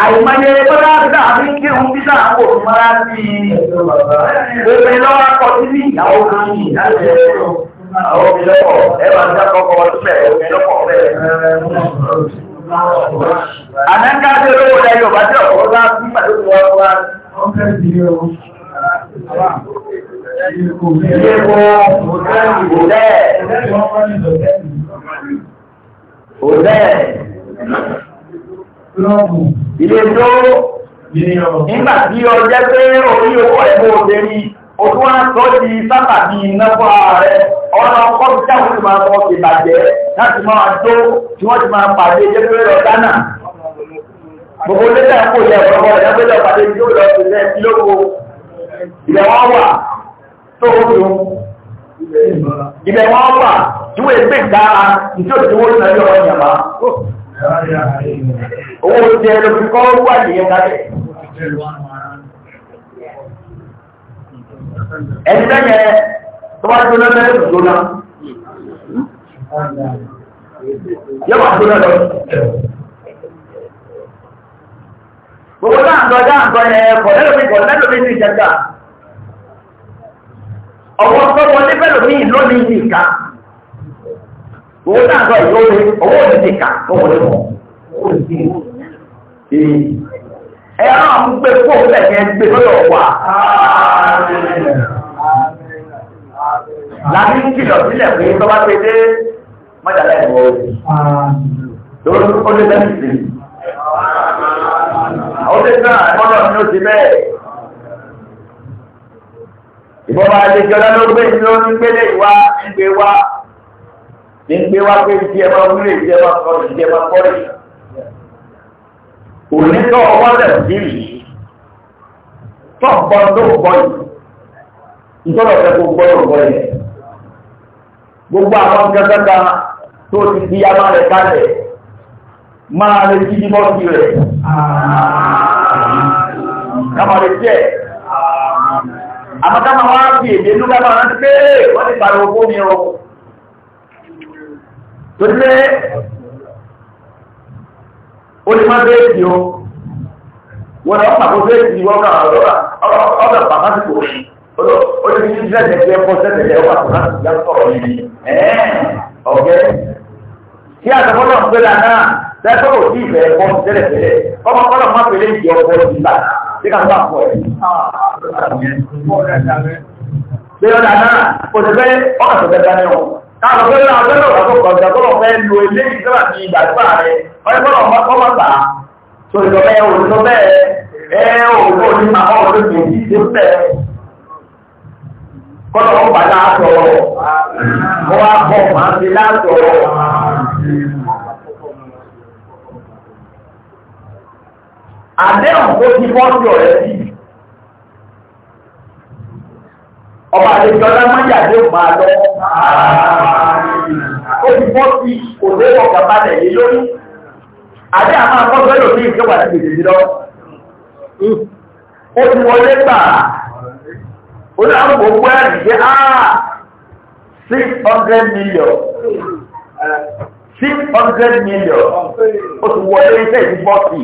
àìmọye bọ́lá àbídà àbí kí òun bí sáà kò fún ara sí i gbogbo lọ́wọ́ akọ sí ní ìyàwó Àmẹ́ká tí olówó ilẹ̀ Yorùbá tí ọ̀pọ̀ bá bí pàdé wọ́n wá. Ìyẹ́wò òdẹ́ òdẹ́ ilé tó nígbà tí ọjẹ́ pé orí owó ẹ̀kọ́ òdẹ́ ni òtún wá sọ di sábàbí iná fún ààrẹ ọ̀nà ọkọ̀ tí àwọn ti máa fọ́ ti bàjẹ́ láti máa tó tí wọ́n ti máa pàdé jẹ́gbẹ́rẹ́ lọ dáná. gbogbo lẹ́tà kò yẹ ọ̀pọ̀lọpọ̀ ìdágbélé ọ̀pàdé tí ó lọ sí ilẹ̀ ìlóko ilẹ̀ wọn wà tó o dùn. ilẹ̀ wọn wà tí wọ́n gbé dára tí ó ti wọ́n náà yọ̀ ọ́ yàrá. owó ti ẹ lọ fi kọ́ wà ẹni tẹ́yẹ tó bá jóná lẹ́yìn jóná yóò wá jóná lọ. gbogbo náà ń tọ́jà ń tọ́ yẹ kọ̀lẹ́lómi kọ̀lẹ́lómi ní ìjẹta ọwọ́ tó wọlé fẹ́lómi lónìí ní ìka gbogbo náà ń tọ́ ìyóni owó òdìdí ìka tó wọlé mọ́ ẹ̀rọ àwọn gbé fún òun lẹ́yìn ẹgbẹ́ lọ́dọ̀ wà. Láti ń kìlọ̀ sílẹ̀ pé tó bá pété mọ́jàlá ẹ̀wọ̀ Lórí ó bẹ́ẹ̀ sí. Àwọn tó sàn àìmọ́dọ̀ ni ó bẹ́ẹ̀. Ìbọn máa lè jọlá ló gbé ní gbélé ìwá ń gbé wá. Ní gbé wá pé ìdí ẹ̀ máa kọ́ ìdí kọ́ ìdí òní tó ọwọ́ rẹ̀ sí yìí tó gbọ́ tó gbọ́ yìí ìtọ́lọ̀ fẹ́ kó gbọ́ tó gbọ́ yìí gbogbo àwọn kẹsẹ́ta tó ti di yá máa rẹ̀ kálẹ̀ máa rẹ̀ sí ní bọ́ọ̀sì rẹ̀ kámọ̀rẹ̀ pé wọ́n ti o tó ti ó lè má déètì o wọ́n náà pàkó déètì wọ́n kà ọ̀dọ̀ bàbá ti kò rí ó ti ní sẹ́ẹ̀tẹ̀ tí ẹ kọ́ sẹ́ẹ̀tẹ̀ ẹ wà tó láti gbá sọ̀rọ̀ yìí ọ̀gẹ́ tí àtọ́kọ́lọ́ ń pẹ́lá náà sẹ́ẹ̀tọ́ kò sí ìfẹ́ ẹ̀kọ́ tẹ́lẹ̀tẹ́lẹ̀ ọmọ kọ́lọ́ má pẹ́lẹ́ ìjọ ọ̀pọ̀ ìgbà tí ká bá pọ̀ ẹ̀. Bí ọ̀dà náà kò sí fẹ́ ọ̀dà tó fẹ́ dání ọ̀ káàkó pé náà gbẹ́dọ̀ wà tó kọjá tó lọ fẹ́ lo ilé ìjọba ti ìgbàgbà rẹ ọyẹ kọ́ lọ́mọ kọ́ mọ́ gbà tó ìjọ bẹ́ẹ̀ ò tó bẹ́ẹ̀ ẹ ò tó ní ma ọ̀ tó tó yí tó bẹ́ẹ̀ kọ́lọ̀ ó bà náà sọ̀rọ̀ ó wá bọ̀ máa àdéhùn tó ti bọ́ sí ọ̀rẹ́ yìí ọba àlejò ọlámájà ló máa lọ. ó ti bọ́ sí òdòwò kàbálẹ̀ yìí lórí. àdé àwọn akọ́gbẹ́ lòdì ìjọba ti gbèdè lọ. ó ti wọlé gbà. oníwàlúwò gbọ́ ẹ̀rì pé á ah, six hundred million six hundred million ó ti wọlé iṣẹ́ ìdíbọ́sì.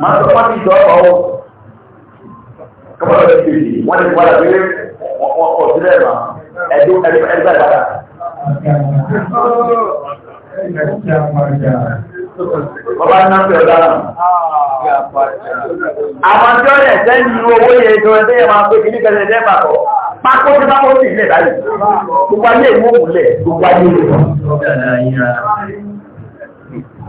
màá sọ fún mi dọ́rọ̀ o kọ́mọ́tò rẹ̀ kejì wọ́n ti padà pé wọ́n kọ̀ sílẹ̀ mà ẹ̀dùn ẹ̀dùn ẹ̀dùn ẹ̀dùn padà. Bọ́lá ń náà fi ọ̀dà nù. Àwọn tí ó yẹ sẹ́yìn irú owó yẹ ìjọba ẹgbẹ́ yẹ máa pé kí ní kẹsẹ̀ ẹgbẹ́ bà kọ́. Pákó tí pákó sì lè báyìí. Gbogbo ayé ìwọ̀n múlẹ̀, gbogbo ayé ìwọ̀n.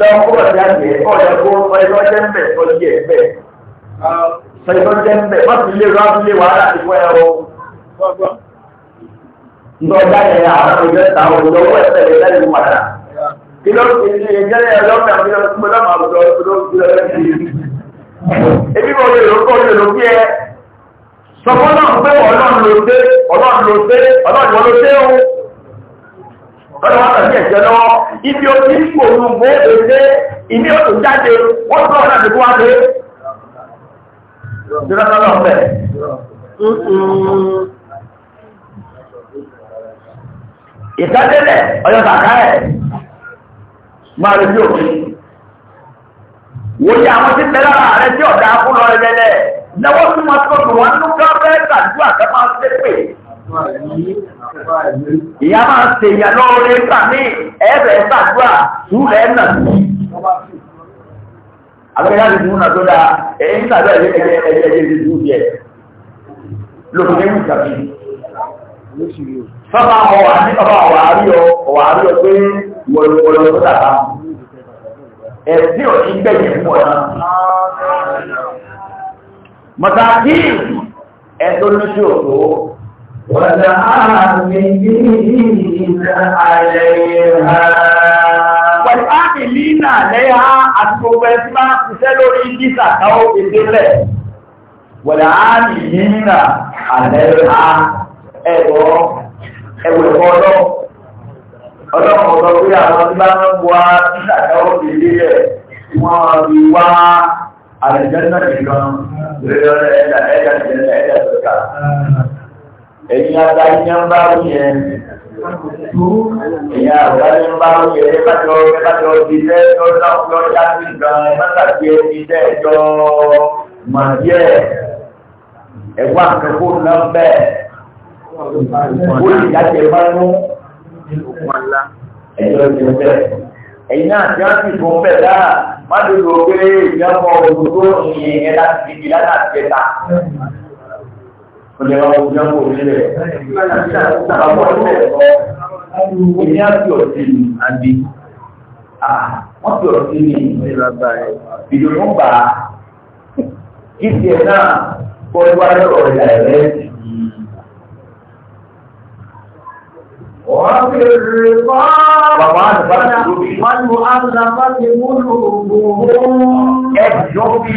lọ kúrò jáde ọ̀yà kó ọ̀yà jẹ́ ń bẹ̀ ọ̀yà ẹ̀ bẹ̀ ọ̀yà jẹ́ ń bẹ̀ má fi lé wá fi lé wàhálà ti wọ́ ẹ o. ǹjọ́ ọjà yẹn àwọn ọjọ́ ìta òjò owó ẹ̀fẹ́ lè dá ìlú padà. kí ló ti ní ẹjẹ́ yẹn lọ́kàn kí ló ti mọ lọ́mọ àwùjọ ló ti ebi mo lè ló kó lè ló bí ẹ sọ fún náà pé ọlọ́run ló dé ọlọ́run ló dé ọlọ́run ló dé o ọ̀rọ̀ wọn kàn sí ẹ̀jẹ̀ lọ́wọ́ ibi o ti o tó jáde wọ́n tó ọ̀nà àti wá dé. Jọ́nà lọ bẹ̀. Ìtàdélẹ̀ ọ̀yọ́ kàkà ẹ̀ máa lè fi òfin. Wòye àwọn tí tẹ́lá ààrẹ tí ọ̀dà fún lọ ẹlẹ́lẹ̀ lọ́wọ́ tí tó lù wọ́n nú káfẹ́ tàdúrà kẹ́kọ̀ọ́ sí ìyá máa ṣe ìyá lọ́rẹ́ gbà ní ẹ̀rẹ̀ gbàdúrà túlẹ̀ náà sí. Abẹ́rẹ́ láti mú náà tó dáa, èyí ń sàbẹ̀ ẹ̀jẹ̀ ẹ̀jẹ̀ ẹ̀jẹ̀ ẹ̀jẹ̀ ìlú yẹ. Lòkùn ní wùsà bí. Sọ́ba ọ̀wà ní ọba ọ̀wà àrí ọ, ọ̀wà àrí ọ pé wọ̀lọ̀wọ̀lọ̀ tó dàbà. والعاملين عليها والعاملين عليها àtìgbogbo ẹ̀sí máa ń ṣiṣẹ́ lórí ìdísà káwọ́ ìdílẹ̀ والعاملين عليها ẹ̀wọ̀ ẹ̀wọ̀ ẹ̀kọ́ ọlọ́ ọlọ́pọ̀ ọ̀dọ́ pé àwọn tí bá ń wá ìdísà káwọ́ ìdílẹ̀ wọ́n rí wá àrẹ̀jẹ́ ẹ̀yin adarí ní ń bá rí yẹn ẹ̀yin adarí ní ń bá rí yẹn ẹ̀bájọ́ ẹ̀bájọ́ ti lẹ́jọ́ lọ́pọ̀ yájú gan ẹ̀bátàbí ẹni lẹ́jọ́ màdíẹ̀ ẹ̀wọ́ àkẹ́kọ̀ọ́ náà bẹ́ẹ̀ ó lè jáde mọ́nú ẹ̀yọ́ ti bẹ́ẹ̀ ẹ̀yin náà ti rántí fún bẹ́ẹ̀ dára má dúró pé ìyá òdòdó ìyẹn láti fi láti àti ẹ̀ta ọjọ́ wa ojú ọkọ̀ òṣèlè àwọn ọ̀sẹ̀ ìní àti ọ̀sẹ̀ ní àbí wọ́n fi ọ̀sẹ̀ ní ìdùnnú bá kí tiẹ̀ náà kọ́ ẹgbẹ́ lọ́rọ̀ ìyá rẹ̀ Wọ́n fi rí kọ́ àwọn àdìbàtà wọ́n lu àdìbàtà múlù ògùn. Ẹ̀sùn bí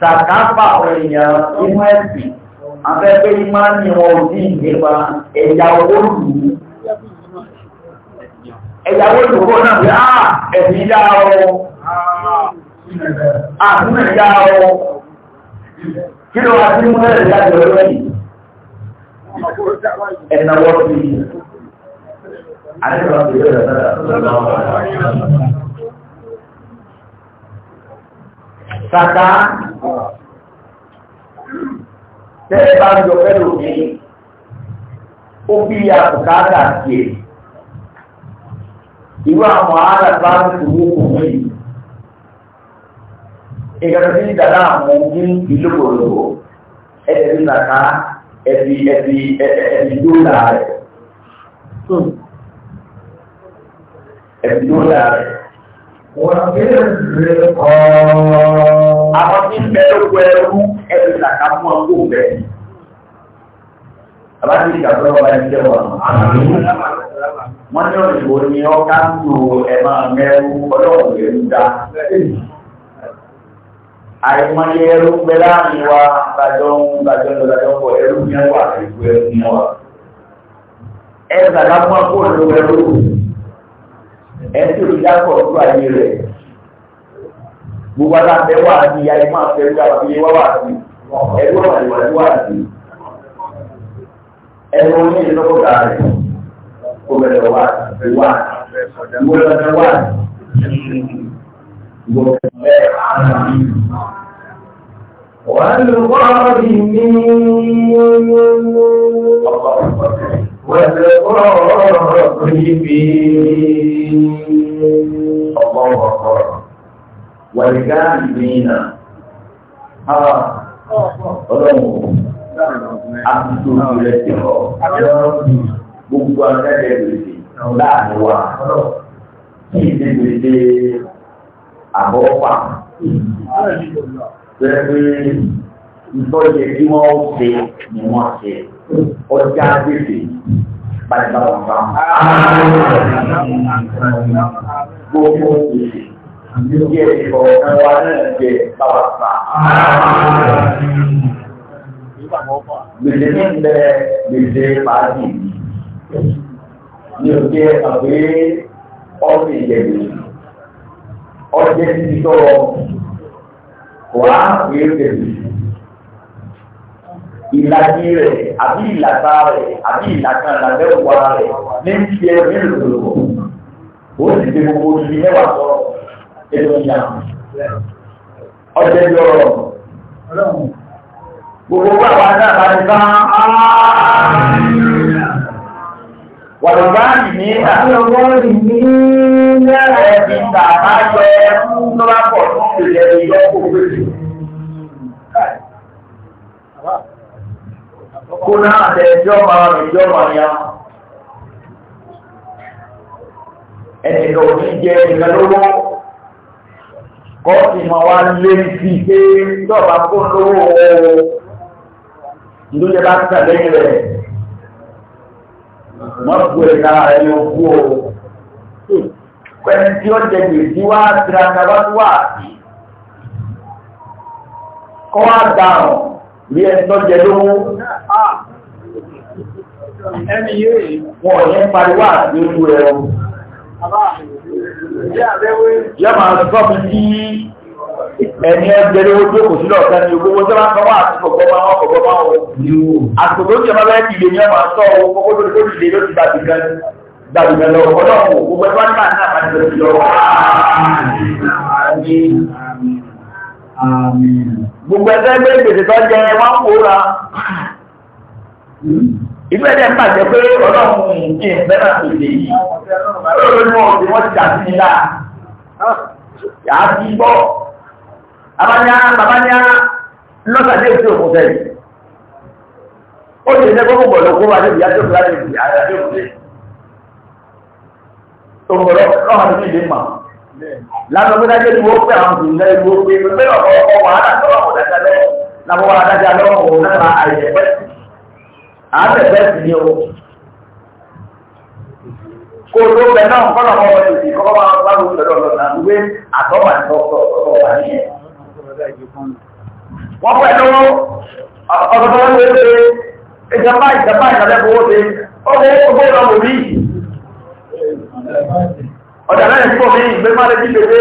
sàkápà ọ̀rìyàn inú ẹ̀sìn afẹ́fẹ́ ìmáàni wọn ò ní ìgbẹ́pa ẹ̀yà olùrù ẹ̀yà olùrù kó náà bí á ẹ̀sìn ìyá ọ àtúnẹ̀ ìyá ọ kí ló wá sí mú ẹ̀rẹ̀ jáde ọ̀rọ̀ yìí tẹ́lẹ̀ bá ń jọ fẹ́lẹ̀ òní ó bí àbùkátà sí ẹ̀ irú àwọn ará bá ń fowó kò mí ìgbàgbọ́ sí dàda àwọn ní ìlú gbòòrò ẹ̀ẹ́dẹ̀ ní nàka ẹ̀bí ẹ̀bí ẹ̀bí dóòlà rẹ̀ ẹ̀bí dóòlà rẹ̀. Wọ́n ti ń bẹ̀rẹ̀ kọ́. Àwọn ti ń bẹ̀rẹ̀ wẹ̀rú ẹ̀rí kàkà fún ọkọ̀ bẹ́ẹ̀. Bàbá ti gbàgbọ́ ọba ẹgbẹ́ wọn. Wọ́n ní òyìnbó ni ọkà ń lo ẹ̀mà mẹ́rú ọlọ́run rẹ̀ ń dá. Àìmọye ẹrú pẹ́ láàrin wa gbàjọ́ ń gbàjọ́ ń gbàjọ́ pọ̀ ẹrú ní ẹwà ìgbó ẹrú ní ọwà. Ẹ gbàgbọ́ ọkọ̀ ló ẹrú. Ẹ tí òṣìṣẹ́ ayé rẹ̀ gbogbo ara ń bẹ wá àti ìyá ẹ máa fẹ́ wíwá àti ìyẹn wá wá sí ẹ̀rú ọ̀rọ̀ ìwà ìwà sí ẹ̀rú ní ìlọ́kọ̀tà rẹ̀ kò bẹ̀rẹ̀ wá ìwà ìwọ lọ́dọ̀ wá ìwọ bẹ̀rẹ̀ والغارمين والغارمين الله أكبر wàyíká ìgbìyànjú àwọn ọlọ́run àtúntò ìrẹ ti rọ gbogbo akẹ́kẹ́ gbèsè láàánú wa kí ìdí gbèsè àbọ̀wà bẹ́ẹ̀ pé ìtọ́jẹ tí wọ́n ṣe ni wọ́n ṣe ọjà gbèsè báyìí bá wọn bá gbogbo gbèsè. Ìjẹ́ ìfọ̀ọ̀kan wa náà jẹ bàbàbà. Gbèdé ní ilẹ̀ gbèdé pàájì ní òkè àgbé ọ̀sẹ̀ ìjẹ̀bẹ̀. Ọjẹ́ ti sọ̀rọ̀ wá pèébẹ̀. Ìlàjì rẹ̀ àbí ìlàta rẹ̀ àbí ìlàkan làbẹ́ wà rẹ̀ ní ti ẹ̀rí ìlú. Ó sì ti gbogbo ìdí mẹ́wàá sọ̀rọ̀ ẹ̀rọ ìyá ọjọ́ ìjọ ọ̀rọ̀ gbogbo àwọn adáàbá ti bá wàlúbá ní ẹ̀ẹ́dì tàbá jẹ fún lọ́pọ̀ fún ilẹ̀ ìyọ́kùn gbèsè kó náà tẹ̀jọ́ máa rìnjọ́ máa ya ẹnìkan ò ní jẹ ìgbàlówó kọ́ọ̀tì máa wá lé sí pé tọ́ọ̀bá kó lówó ọ̀rọ̀ ìlú jẹ́ bá tẹ̀lé rẹ̀ wọ́n bu ẹ̀ lára ẹ̀ ló kú o. pẹ̀lú tí ó jẹ gbèsè wá tiraka bá tó wà sí. kọ́ wá dáhùn rí ẹ tọ́jẹ lówó. wọ́n yẹn pariwo àti ojú ẹ̀ o yọ máa sọ fún sí ẹni ẹgbẹ̀rẹ̀ ojú kò sílọ̀ ọ̀tẹ́ ni gbogbo tó bá ń kọwọ́ àti gbogbo máa wọ́n gbogbo máa wọ́n àtòkò tí ọmọ bẹ́ẹ̀ kìlè ní ọmọ sọ owó kókó tó lè lè ló ti gbàgbì gan gbàgbì gan lọ ọ̀pọ̀ náà gbogbo ẹgbẹ́ nígbà náà bá ti lọ sí lọ. gbogbo ẹgbẹ́ gbé gbèsè tó jẹ wọn kó ra ìgbẹ́ dẹ̀ ń bàjẹ́ pé ọlọ́run kì í bẹ́ẹ̀ náà tòlè yìí lórí wọn ò wọ́n ti dàbí nílá yà á fi gbọ́ abáyá babáyá lọ́sàdé ètò òkun yìí ó lè ṣe gbogbo ọ̀dọ̀ kó wá débi yàtọ̀ fúlá débi àdàdé òkun tòmọ̀rọ̀ lọ́wọ́ àti ìdè mà lánàá bí dájọ́ ni wọ́n àwọn tòun náà ìwọ́n pé pé ọ̀pọ̀ ọ̀pọ̀ wàhálà lọ́wọ́ àwọn ọ̀dájà lọ́wọ́ àbẹ̀bẹ̀ sì ni o kó tó bẹ náà kọ́nà kọ́ wọlé òsì kọ́ máa bá lóun pẹ̀lú ọ̀dọ́ náà wíwé àtọ́mà ní ọ̀pọ̀ ọ̀pọ̀ wà ní ẹ̀. wọ́n pẹ̀lú ọ̀dọ́ tó ń gbé pé ìjọba ìjọba ìjọba owó ṣe ó kó owó lọ lò rí. ọ̀dà náà ń pọ̀ mí ìgbé má lè ti lè dé.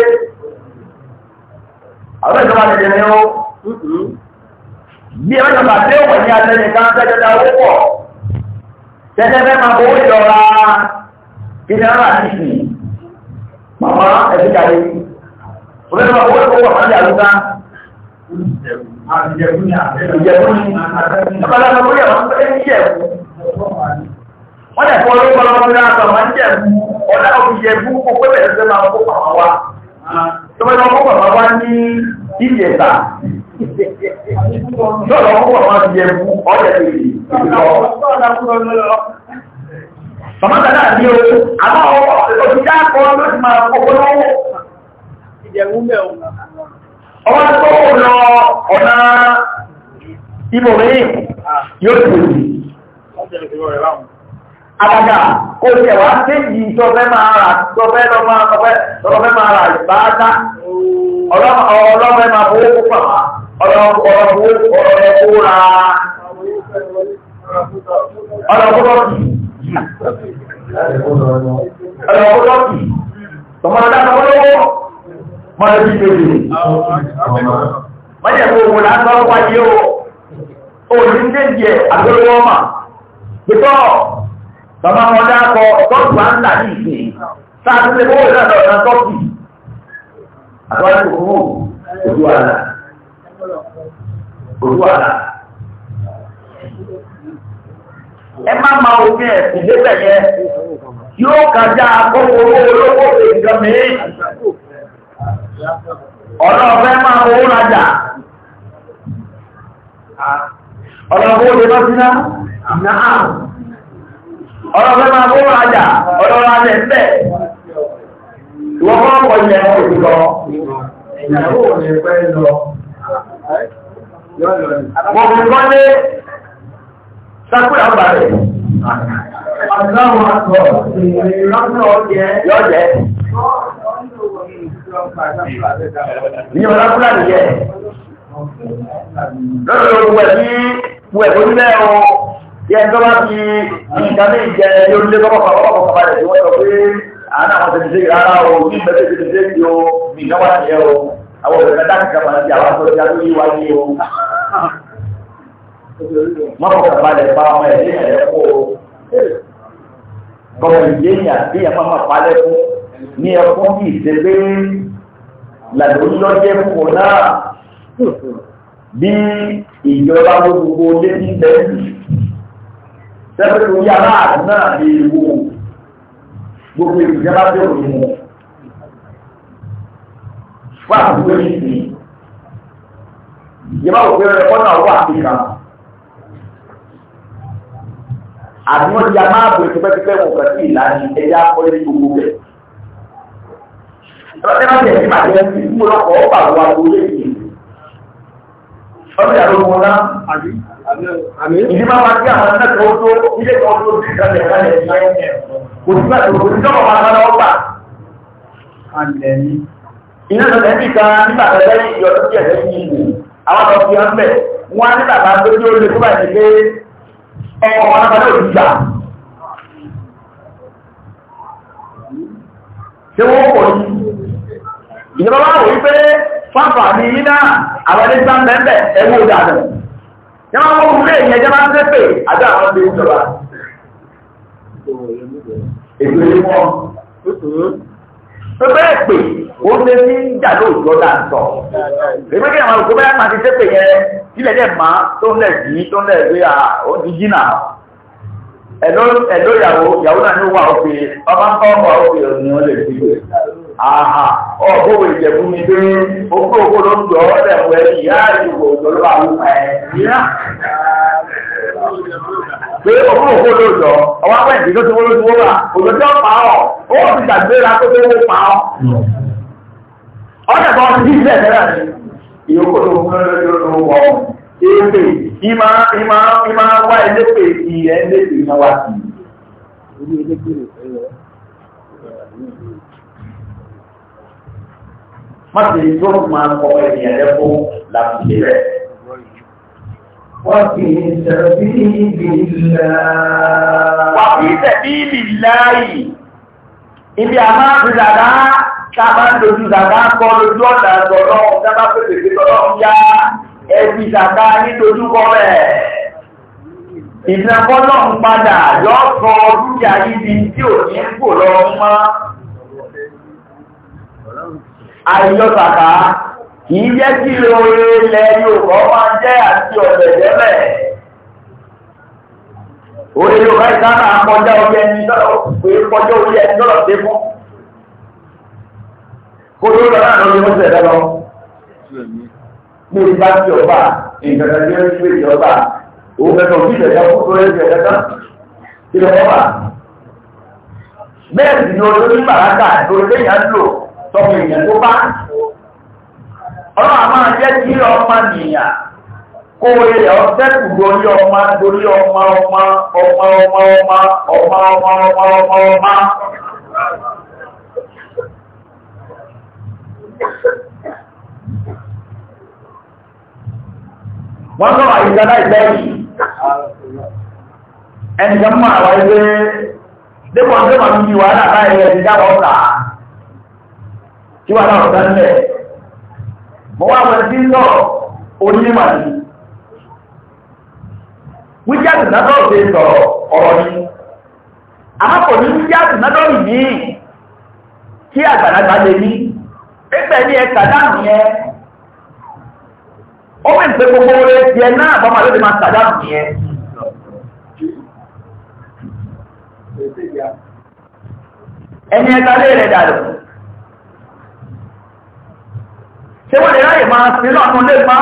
àwọn ìjọba ti dè ní o bí ẹ bá bàtẹ́ wọ̀ ní atẹnìkan tẹ́jọ́ta owó pọ̀ tẹ́jọ́ fẹ́ máa bọ́wọ́ ìjọra kí ni ara ti fi màmá ẹ̀sìn kàlẹ́ òfin máa bọ́wọ́ ìjọba máa ń yà lóta ìjẹ̀kú ni ọ̀pọ̀lọpọ̀ ọmọ yẹn wọ́n fẹ́ ń jẹ̀kú wọ́n dẹ̀ fọ́ lóko lọ́wọ́ ní àtọ̀ máa ń jẹ̀kú ọ̀dà òfin jẹ̀kú kó pé bẹ̀rẹ̀ fẹ́ máa kó pàmò wa tó fẹ́ máa kó pàmò wa ní ìjẹ̀ta Lọ́dọ̀ wọ́n wọ́n wọ́n ti yẹ mú ọ̀yẹ̀ lè rí ìlọ. tàbí àbí o, àbá òṣìṣẹ́ akọ ló ti máa kọ́kọ́ lọ́wọ́. Ìjẹ̀mú tó wò lọ ọ̀nà ibò mi yóò ti wò sí. kò tẹ̀ wá séjì tọ́fẹ́ máa rà tọ́fẹ́ lọ́fẹ́ máa rà ìbáadá. Ọlọ́fẹ́ máa fowó púpọ̀ máa ọ̀rọ̀kúra ọ̀rọ̀kúrọ̀kì tọmọ adáta wọ́lọ́wọ́ mọ́lẹ̀ bí kèrè mọ́jẹ̀ kò wò látọ́ wáyé o òní déjì àgbẹ̀lọ́wọ́ mà pẹ̀tọ́ tọmọ ọdá kọ tọ́tù à ń là ní ìsìn sáà tó lè kó wò látọ̀ ọ̀dá tọ́tù àtọ́lẹ́ kò kúrò ojú àlà òtú ẹ má ma òfin ẹ̀sìn débẹ̀ yẹn yóò akọ́wọ́ olówó owó rajà owó lọ sí náà owó rajà fọ́nà pọ̀ yẹn ìyàwó ò pẹ́ lọ. Mo fi kọ́ ní sákúrà tó bá fi ìka ìjẹ yóò lé kọ́kọ́ kọ́kọ́ kọ́kọ́ rẹ̀ tí pé àánà àwọn tẹ̀síṣẹ́ rárá o, ní ìgbẹ́sẹ̀ tẹ̀síṣẹ́ ti o, ní ìjọba nìyẹn àwọn ọ̀rẹ́ dákì kàmà sí àwọn àtọ́jú àtọ́jú yìí wáyé o. mọ́kọ̀ kàmà lẹ̀ bá ọmọ ẹ̀dín ẹ̀rẹ́ kó o. kọ́mọ ìdéyìn àti ẹ̀fọ́ máa palẹ̀ fún ní ẹ̀fọ́ bí ìṣẹ́gbé làdóńlọ́jẹ́ fún un náà bí ìjọba gbogbo létí bẹ́ẹ̀ sẹ́fẹ̀tì orí aláàbò náà lè gbogbo ìjọba tó rò mọ́ wà á dúró ní ìsìn yẹ bá wò pé ọ̀nà ọ̀wọ́ àfíkà àti wọ́n ti ya máa bò ìtọ́pẹ́tẹ́pẹ́ wọn kàn sí ìlànà ẹ̀yà akọ́lé ní gbogbo rẹ̀ ọ̀rọ̀ tẹ́lá tẹ̀ sí màjẹ́ sí ìmúlò ọkọ̀ ọ̀pá àwọn àgbòlé yìí ọdún yàrá ogun náà ìdí máa wá sí àwọn ẹ̀kọ́ tó ilé kan tó ti kalẹ̀ kalẹ̀ kò sí àtòkò ní sọ́kọ̀ máa ń lọ́wọ́ gbà iná lọ́sẹ̀ bí kan nígbà pẹ̀lẹ́ ìyọ̀dún díẹ̀ lẹ́yìn ìlú àwọn ọ̀dọ́ fi hàn bẹ̀ wọ́n á ní bàbá tó tí ó lè kó báyìí pé ọmọ ọmọ náà lè gbà. ṣé wọ́n pọ̀ ní ìjọba wá wò wípé fáfà ní iná àwọn ẹni gbá mẹ́mẹ́ ẹwú dànù yẹn wọ́n wọ́n wúlé ìyẹn jẹ́ máa ń tẹ́pẹ̀ àjọ àwọn ọmọdé ìjọba. èdè wọn bẹ́ẹ̀ pè ó ṣe ní ìjà lóòjọ́ dáńtọ̀ èmi kí àwọn olùkọ́ bẹ́ẹ̀ máa ti ṣépè yẹn sílẹ̀ dẹ̀ máa tó ń lẹ̀ sí tó ń lẹ̀ sí à ó ti jìnnà ẹ̀lọ́ ìyàwó ìyàwó náà ní wà òkè ọmọ ń kọ́ wà òkè òní ó lè fi gbé àhà ọ̀bọ̀ ìjẹ̀bú mi dé ogún ògbó ló ń jọ ọ́ lẹ̀ wẹ̀ ìyá ìwò ìjọba àwọn ẹ̀ pé ọmọ òkú ló lọ ọwọ́ apẹ́ ìdíjọ́ tí wọ́n ló ti wọ́n pa ọ́ ó ti gbàgbéra tó tó wọ́n pa ọ́. ọ̀dẹ̀ kan ti dídẹ̀ tẹ́lẹ̀ ni ìyókò tó fún lọ́jọ́ ló wọ̀ ọ́ èpè ìmá ìmá ìmá wá ẹlẹ́pè ìyẹ́ ẹlẹ́pè ìmá wá sí i. má ti tó máa kọ ẹ̀yìn ẹ̀rẹ́ fún rẹ̀. وفي سبيل الله وفي سبيل الله ibi àmá fi dàdá sábà ń dojú dàdá kọ lójú ọ̀nà àtọ̀rọ̀ sábà pèsè pé tọ́lọ́ ń yá ẹbí dàdá nítojú kọ́ rẹ̀. ìfẹ́kọ́ ń padà yọ àìyọ́ sàkà kì í jẹ́ kí oore ilẹ̀ Yorùbá máa jẹ́ àti ọ̀dẹ̀ jẹ́bẹ̀. oore Yorùbá ìsáná kọjá orí ẹni lọ́rọ̀ pé kọjá orí ẹni lọ́rọ̀ dé fún. kó ló lọ́nà lórí oúnjẹ rẹ lọ. bí o bá ti ọba nǹkan kan tí ó ń gbé ìjọba òun fẹ́ kàn kí ìjọba fún tó lẹ́sẹ̀ kẹta kí lọ́wọ́ wà. bẹ́ẹ̀ sì ni olórí bàrákà lórí lẹ́yìn á lò sọ ọlọ́run àmọ́ jẹ́ kí ọmọ nìyà kó orí rẹ̀ ọ̀sẹ́kù lórí ọmọ lórí ọmọ ọmọ ọmọ ọmọ ọmọ ọmọ ọmọ ọmọ ọmọ ọmọ. wọ́n sọ̀rọ̀ àyíká láìpẹ́ yìí ẹnìkan mọ́ àwọn ẹgbẹ́ dépò ọdún mọ̀ ní wàhálà báyìí ẹ̀dí dáwọ́ ọ̀tà tí wàhálà ọ̀tà ń bẹ̀. mọ́ wá wọn tí ń sọ̀rọ̀ wíjáàtì nádọ́rù ti sọ̀rọ̀ ọ̀rọ̀ ní àmọ́kò ní wíjáàtì nádọ́rù ní kí àgbàlagbà lè ní ní ẹ̀ka dànù ó fi ń pe gbogbo rẹ̀ tiẹ̀ náà ló ti ṣé wọ́n lè ráyè máa ṣe lọ́nà lè má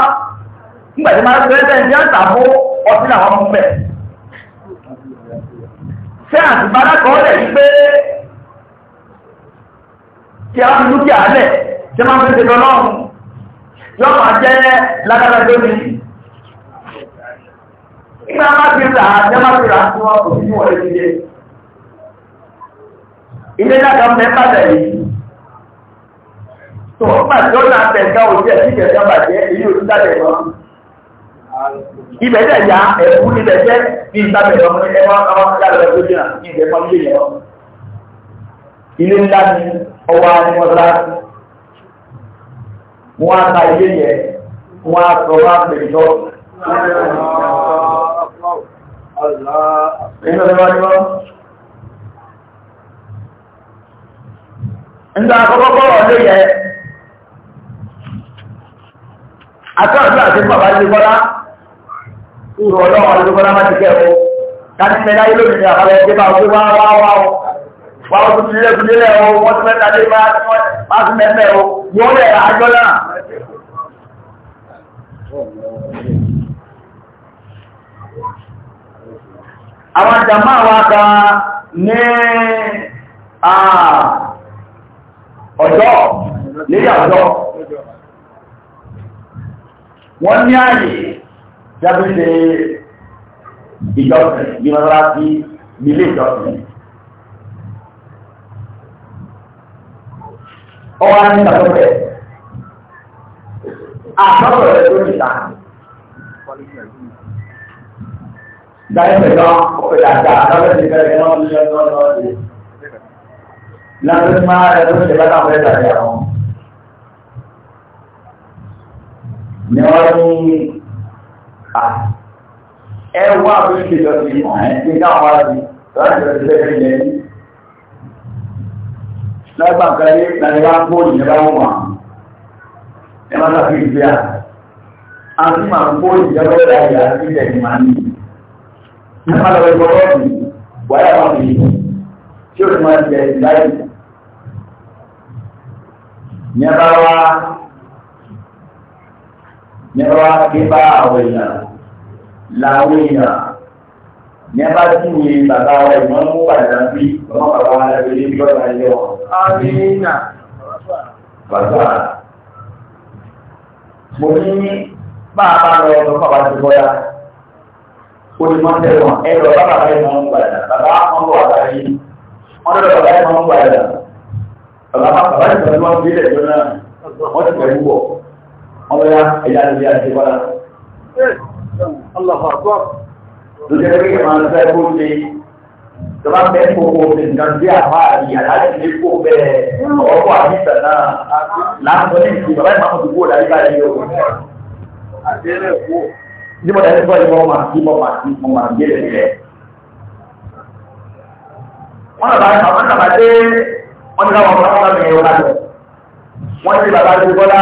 nígbà tí máa ṣe ẹ́ jẹ́ ìtàbó ọtí làwọn mú bẹ̀. ṣé àtìbára kan lẹ̀ yí kí a fi dúkìá lẹ̀ ṣé máa fi ṣe lọ́rùn yọ́n máa jẹ́ lágbára lórí. Nígbà máa fi rà á, ṣé máa fi rà á fún ọkùnrin ní wọlé ilé. Ilé tó o gbà tó náà tẹ̀ka òjì ẹ̀sìn kẹ̀kẹ́ bàjẹ́ èyí ò ní dábẹ̀ lọ. ibẹ̀ dẹ̀ ya ẹ̀kú níbẹ̀ jẹ́ ní ìtàbẹ̀ lọ ní ẹ̀wọ̀n ọmọ ìyàlẹ̀ ẹ̀kú jìnnà ní ìbẹ̀ kan lé yẹn. ilé ńlá ni ọwọ́ anìmọ́lá wọn á ta ilé yẹn wọn á sọ wọn á pè jọ. Ẹ̀yin lọ́dọ̀ wá ní wọ́n. Ndà àkọ́kọ́ bọ̀rọ̀ lé yẹn. àtọ́ àdúrà àti bàbá Adébọ́lá ìrọ̀ ọlọ́run Adébọ́lá má ti kẹ́ o tani mẹ́lá yìí lónìí àbálẹ̀ ẹgbẹ́ bá wọ́n wá wá wá o wá o tún lé kúlé lẹ̀ o wọ́n tún mẹ́ta lé bá má mẹ́mẹ́ o yóò lẹ̀ àjọ náà. àwọn jàmá wa ka ní ọjọ́ nílé wọ́n ní ààyè jábíṣe ìjọsìn bí mọ́sára sí ilé ìjọsìn ọwọ́ ní ìtàkọ́fẹ́ àtọ́kọ̀ rẹ̀ tó nìta dáìpẹ̀ náà ọ̀pẹ̀ dáadáa lọ́pẹ̀ ti bẹ̀rẹ̀ náà ní ọjọ́ náà lọ́pẹ̀ máa rẹ̀ tó ṣe bá náà fẹ́ dàbí ni wọ́n ní ẹwà tó ṣe lọ sí ọ̀hún ní káwọn àti láti lọ sí lẹ́yìn ilẹ̀ yìí lágbàkàlẹ̀ láti wá kó ìyẹn bá wọ́n wà ẹ má sàfi ìgbé à àti máa kó ìyẹn bá wọ́n yà sí ní ẹ lọ gbọ́ lọ́ọ̀dù wáyà máa fi tí ó ti máa jẹ ìdáyìí ní ẹ wá nípa bíbá àwọn èèyàn láwọn èèyàn nípa tí ní bàbá wa ìmọ̀ mú padà bí ọmọ bàbá wa lẹ́gbẹ̀ẹ́ ní bí ọ̀la ilé wọn. àmìnà. bàbá mo ní bàbá lọ sọ fún bàbá tó bọ́yá ó ní mọ́ tẹ̀lé wọn ẹ lọ bàbá rẹ̀ mọ́ mú padà bàbá wọn bọ̀ wà yìí wọ́n lọ bàbá rẹ̀ mọ́ mú padà bàbá bàbá ìgbà tí wọ́n gbé lẹ̀ jọ náà wọ́n ti pẹ̀lú bọ̀ ọmọ ya ẹ̀yà ló bí a ti kọ́lá. lójú ẹgbẹ́ yẹn máa ń fẹ́ kó ṣe tọ́lá fẹ́ kó o ṣe nǹkan bí àbá àyà láti lè kó bẹ́ẹ̀ ọkọ̀ àbíta náà láàbọ̀ ní ìsìn bàbá ìmáàmù tó kú ọ̀dà yìí báyìí o. Níbo ni ẹni fọ́ ìmọ̀ máa ti mọ̀ máa ti mọ̀ máa gbé lẹ̀ lẹ̀. Wọ́n nàbà àwọn nàbà dé wọ́n ní káwọn ọmọ náà mi ò bá lọ. Wọ́n ti bàbá ti bọ́lá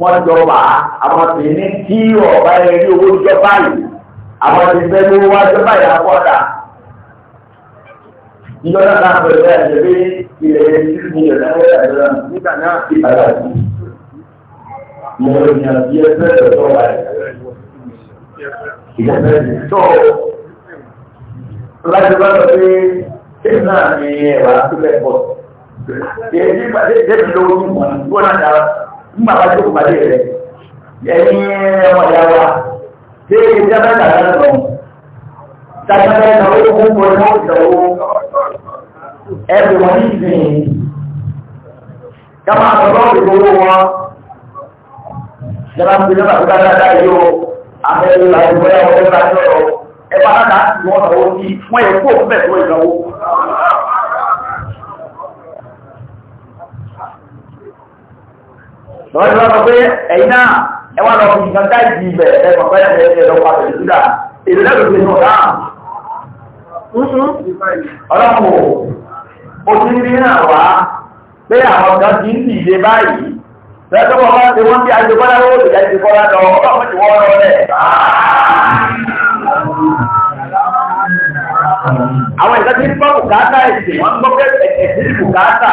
wọ́n jọ wà á àwọn tí ní tí ọ̀bá ẹni owó jọ báyìí àwọn tí fẹ́ ló wá jọ báyìí àkọ́dà. Ìjọ náà náà bẹ̀rẹ̀ ẹ̀jẹ̀ bí ilẹ̀ ní ìrẹ̀lẹ̀ ẹ̀rọ nígbà náà ti bàbá sí. Mo rò ní àbí ẹgbẹ́ rẹ̀ tó wà ẹ̀. Ìjọba ẹ̀ tó láti bá lọ sí ṣé náà ni ẹ̀wà sílẹ̀ pọ̀. Ṣé ní ìgbà tí ìjẹ́bi lówó ní ìmọ̀ ní gbọ́dọ̀ dára? nígbà bá tó pàdé rẹ̀ ẹ̀yin ẹ̀wọ̀n ìyá wa léèrè tí a bá dàgbà lọ dàgbà bá dàgbà ó kún fún ọdún ìdánwò ẹ̀bùn ní ìsìn ká máa sọ lọ́ọ̀dì wọn ìjọba ń pinnu àti dáadáa yìí o àbẹ̀wò àti bóyá wọn fẹ́ bá yọ̀ ẹ̀ bá dáadáa ti wọ́n lọ́wọ́ sí wọ́n yẹ tọ́wọ́ ti wá sọ pé ẹ̀yin náà ẹ wá lọ fi nǹkan dá ìdí ibẹ̀ ẹ mọ̀ pé ẹ̀ ẹ̀ lọ pa pẹ̀lú ṣúgà èdè lẹ́nu ti nù náà. ọlọ́pù o ti rí náà wá pé àwọn kan ti ń dìde báyìí lọ́jọ́ bọ́ bá ti wọ́n bí ajẹ́kọ́lá ó lè jẹ́ ajẹ́kọ́lá lọ ọlọ́pù ti wọ́n lọ lẹ̀. àwọn ìgbà tí ń gbọ́ bùkátà ẹ̀sìn wọ́n gbọ́ pé ẹ̀sìn bùkátà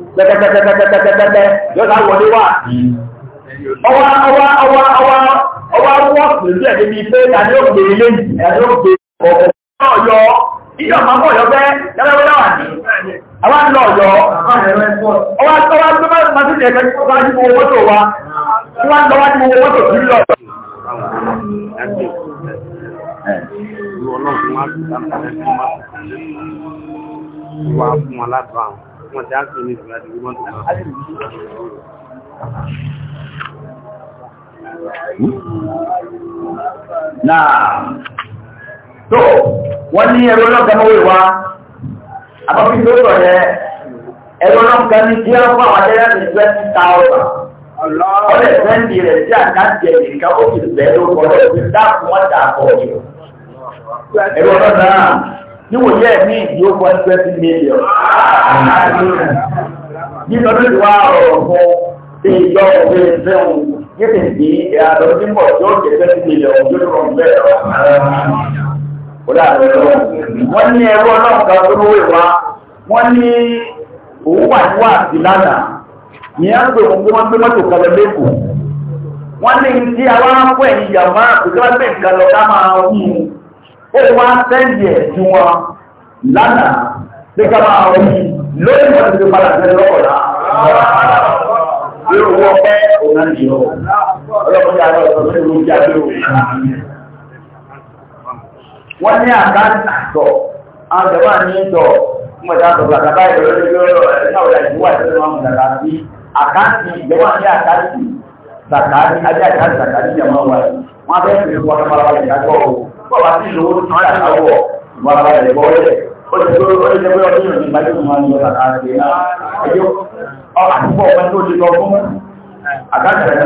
tẹ́tẹ́tẹ́tẹ́tẹ́tẹ́tẹ́ yóò dá wọlé wà ọwá ọwá ọwá ọwá ọwá wọ́n pẹ̀lú ẹ̀ níbi pé tàbí ó gbé ilé ẹ̀dí ó gbé ọ̀pọ̀ náà yọ ìjọ máa mọ̀ yọ bẹ́ lẹ́wẹ́ náà ní àwa ń lọ yọ ọwá ọwá tó bá máa tún ẹ̀kẹ́ tó bá ní owó mọ́tò wa tí wọ́n lọ wá ní owó mọ́tò tí lọ. Ìwọ̀n náà fún wa fún wa fún wa ládùn àwọn want Now, so, wọ́n ní ẹ̀rọ náà kan wé wá, àbábí tó sọ yẹ, ẹ̀rọ náà kan ní kí á fún àwọn ẹ̀rọ ní twenty thousand. Ọlẹ̀ sẹ́ndì rẹ̀ sí àkáǹtì ẹ̀dì kan ó sì bẹ̀rẹ̀ ó kọ́ lọ́wọ́ sí dáàbò wọn dà pọ̀ jù. Ẹ̀rọ níwòye ẹ̀mí yóò fọ́ twenty million. Nínú ọdún wa ọ̀rọ̀ fún bí ìjọ òfin fẹ́hùn yíkì sí ìyàtọ̀ tí ń bọ̀ tí ó jẹ́ twenty million ojú ló rọ̀ bẹ́ẹ̀ rọ̀. Ó dà bẹ́ẹ̀ lọ. Wọ́n ní ẹrú ọlọ́ọ̀kan tó lówó ìwá. Wọ́n ní òun wà ní wàásì lánàá. Ní á ń pè wọ́n pé wọ́n gbé mọ́tò kan lọ Wọ́n ní ti àwọn akọ ẹ̀yìn yàrá kò tó wá gbé ká máa wí ó wá sẹ́ǹdì ẹ̀ tí wọ́n lánàá pé ká máa wọ́n yìí lórí ìwọ̀n ti fi padà sí lọ́kọ̀ọ́lá irú wọn pẹ́ òun náà nìyọ ọlọ́run yà lọ sọ pé ló ń jáde o. wọ́n ní àkáǹtì àtọ̀ àwọn ìjọba ní ìtọ̀ mọ̀tà àtọ̀gbà kàkà ìrọ̀lẹ́ ìrọ̀lẹ́ ìrọ̀lẹ́ náà wọ̀lá ìdíwọ̀ àtẹ̀lẹ́ máa ń gbàgbà sí àkáǹtì ìjọba ní àkáǹtì sàkáàdì ajá àkáǹtì sàkáàdì jàmọ́ wà wọ́n á fẹ́ fi kọ́ bọ́wá sí lówó tí wọ́n dà wọ̀ wọ́n bá rẹ̀ bọ́ rẹ̀ ó ti tó ó ti tẹ́ pé ọdún yìí máa tún máa ń lọ kàkà rẹ̀ náà ẹjọ́ ọ àtúbọ̀ ọ̀pẹ tó ti lọ fún àgbàjẹ̀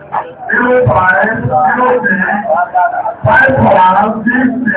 Zero five, zero nine, five five, six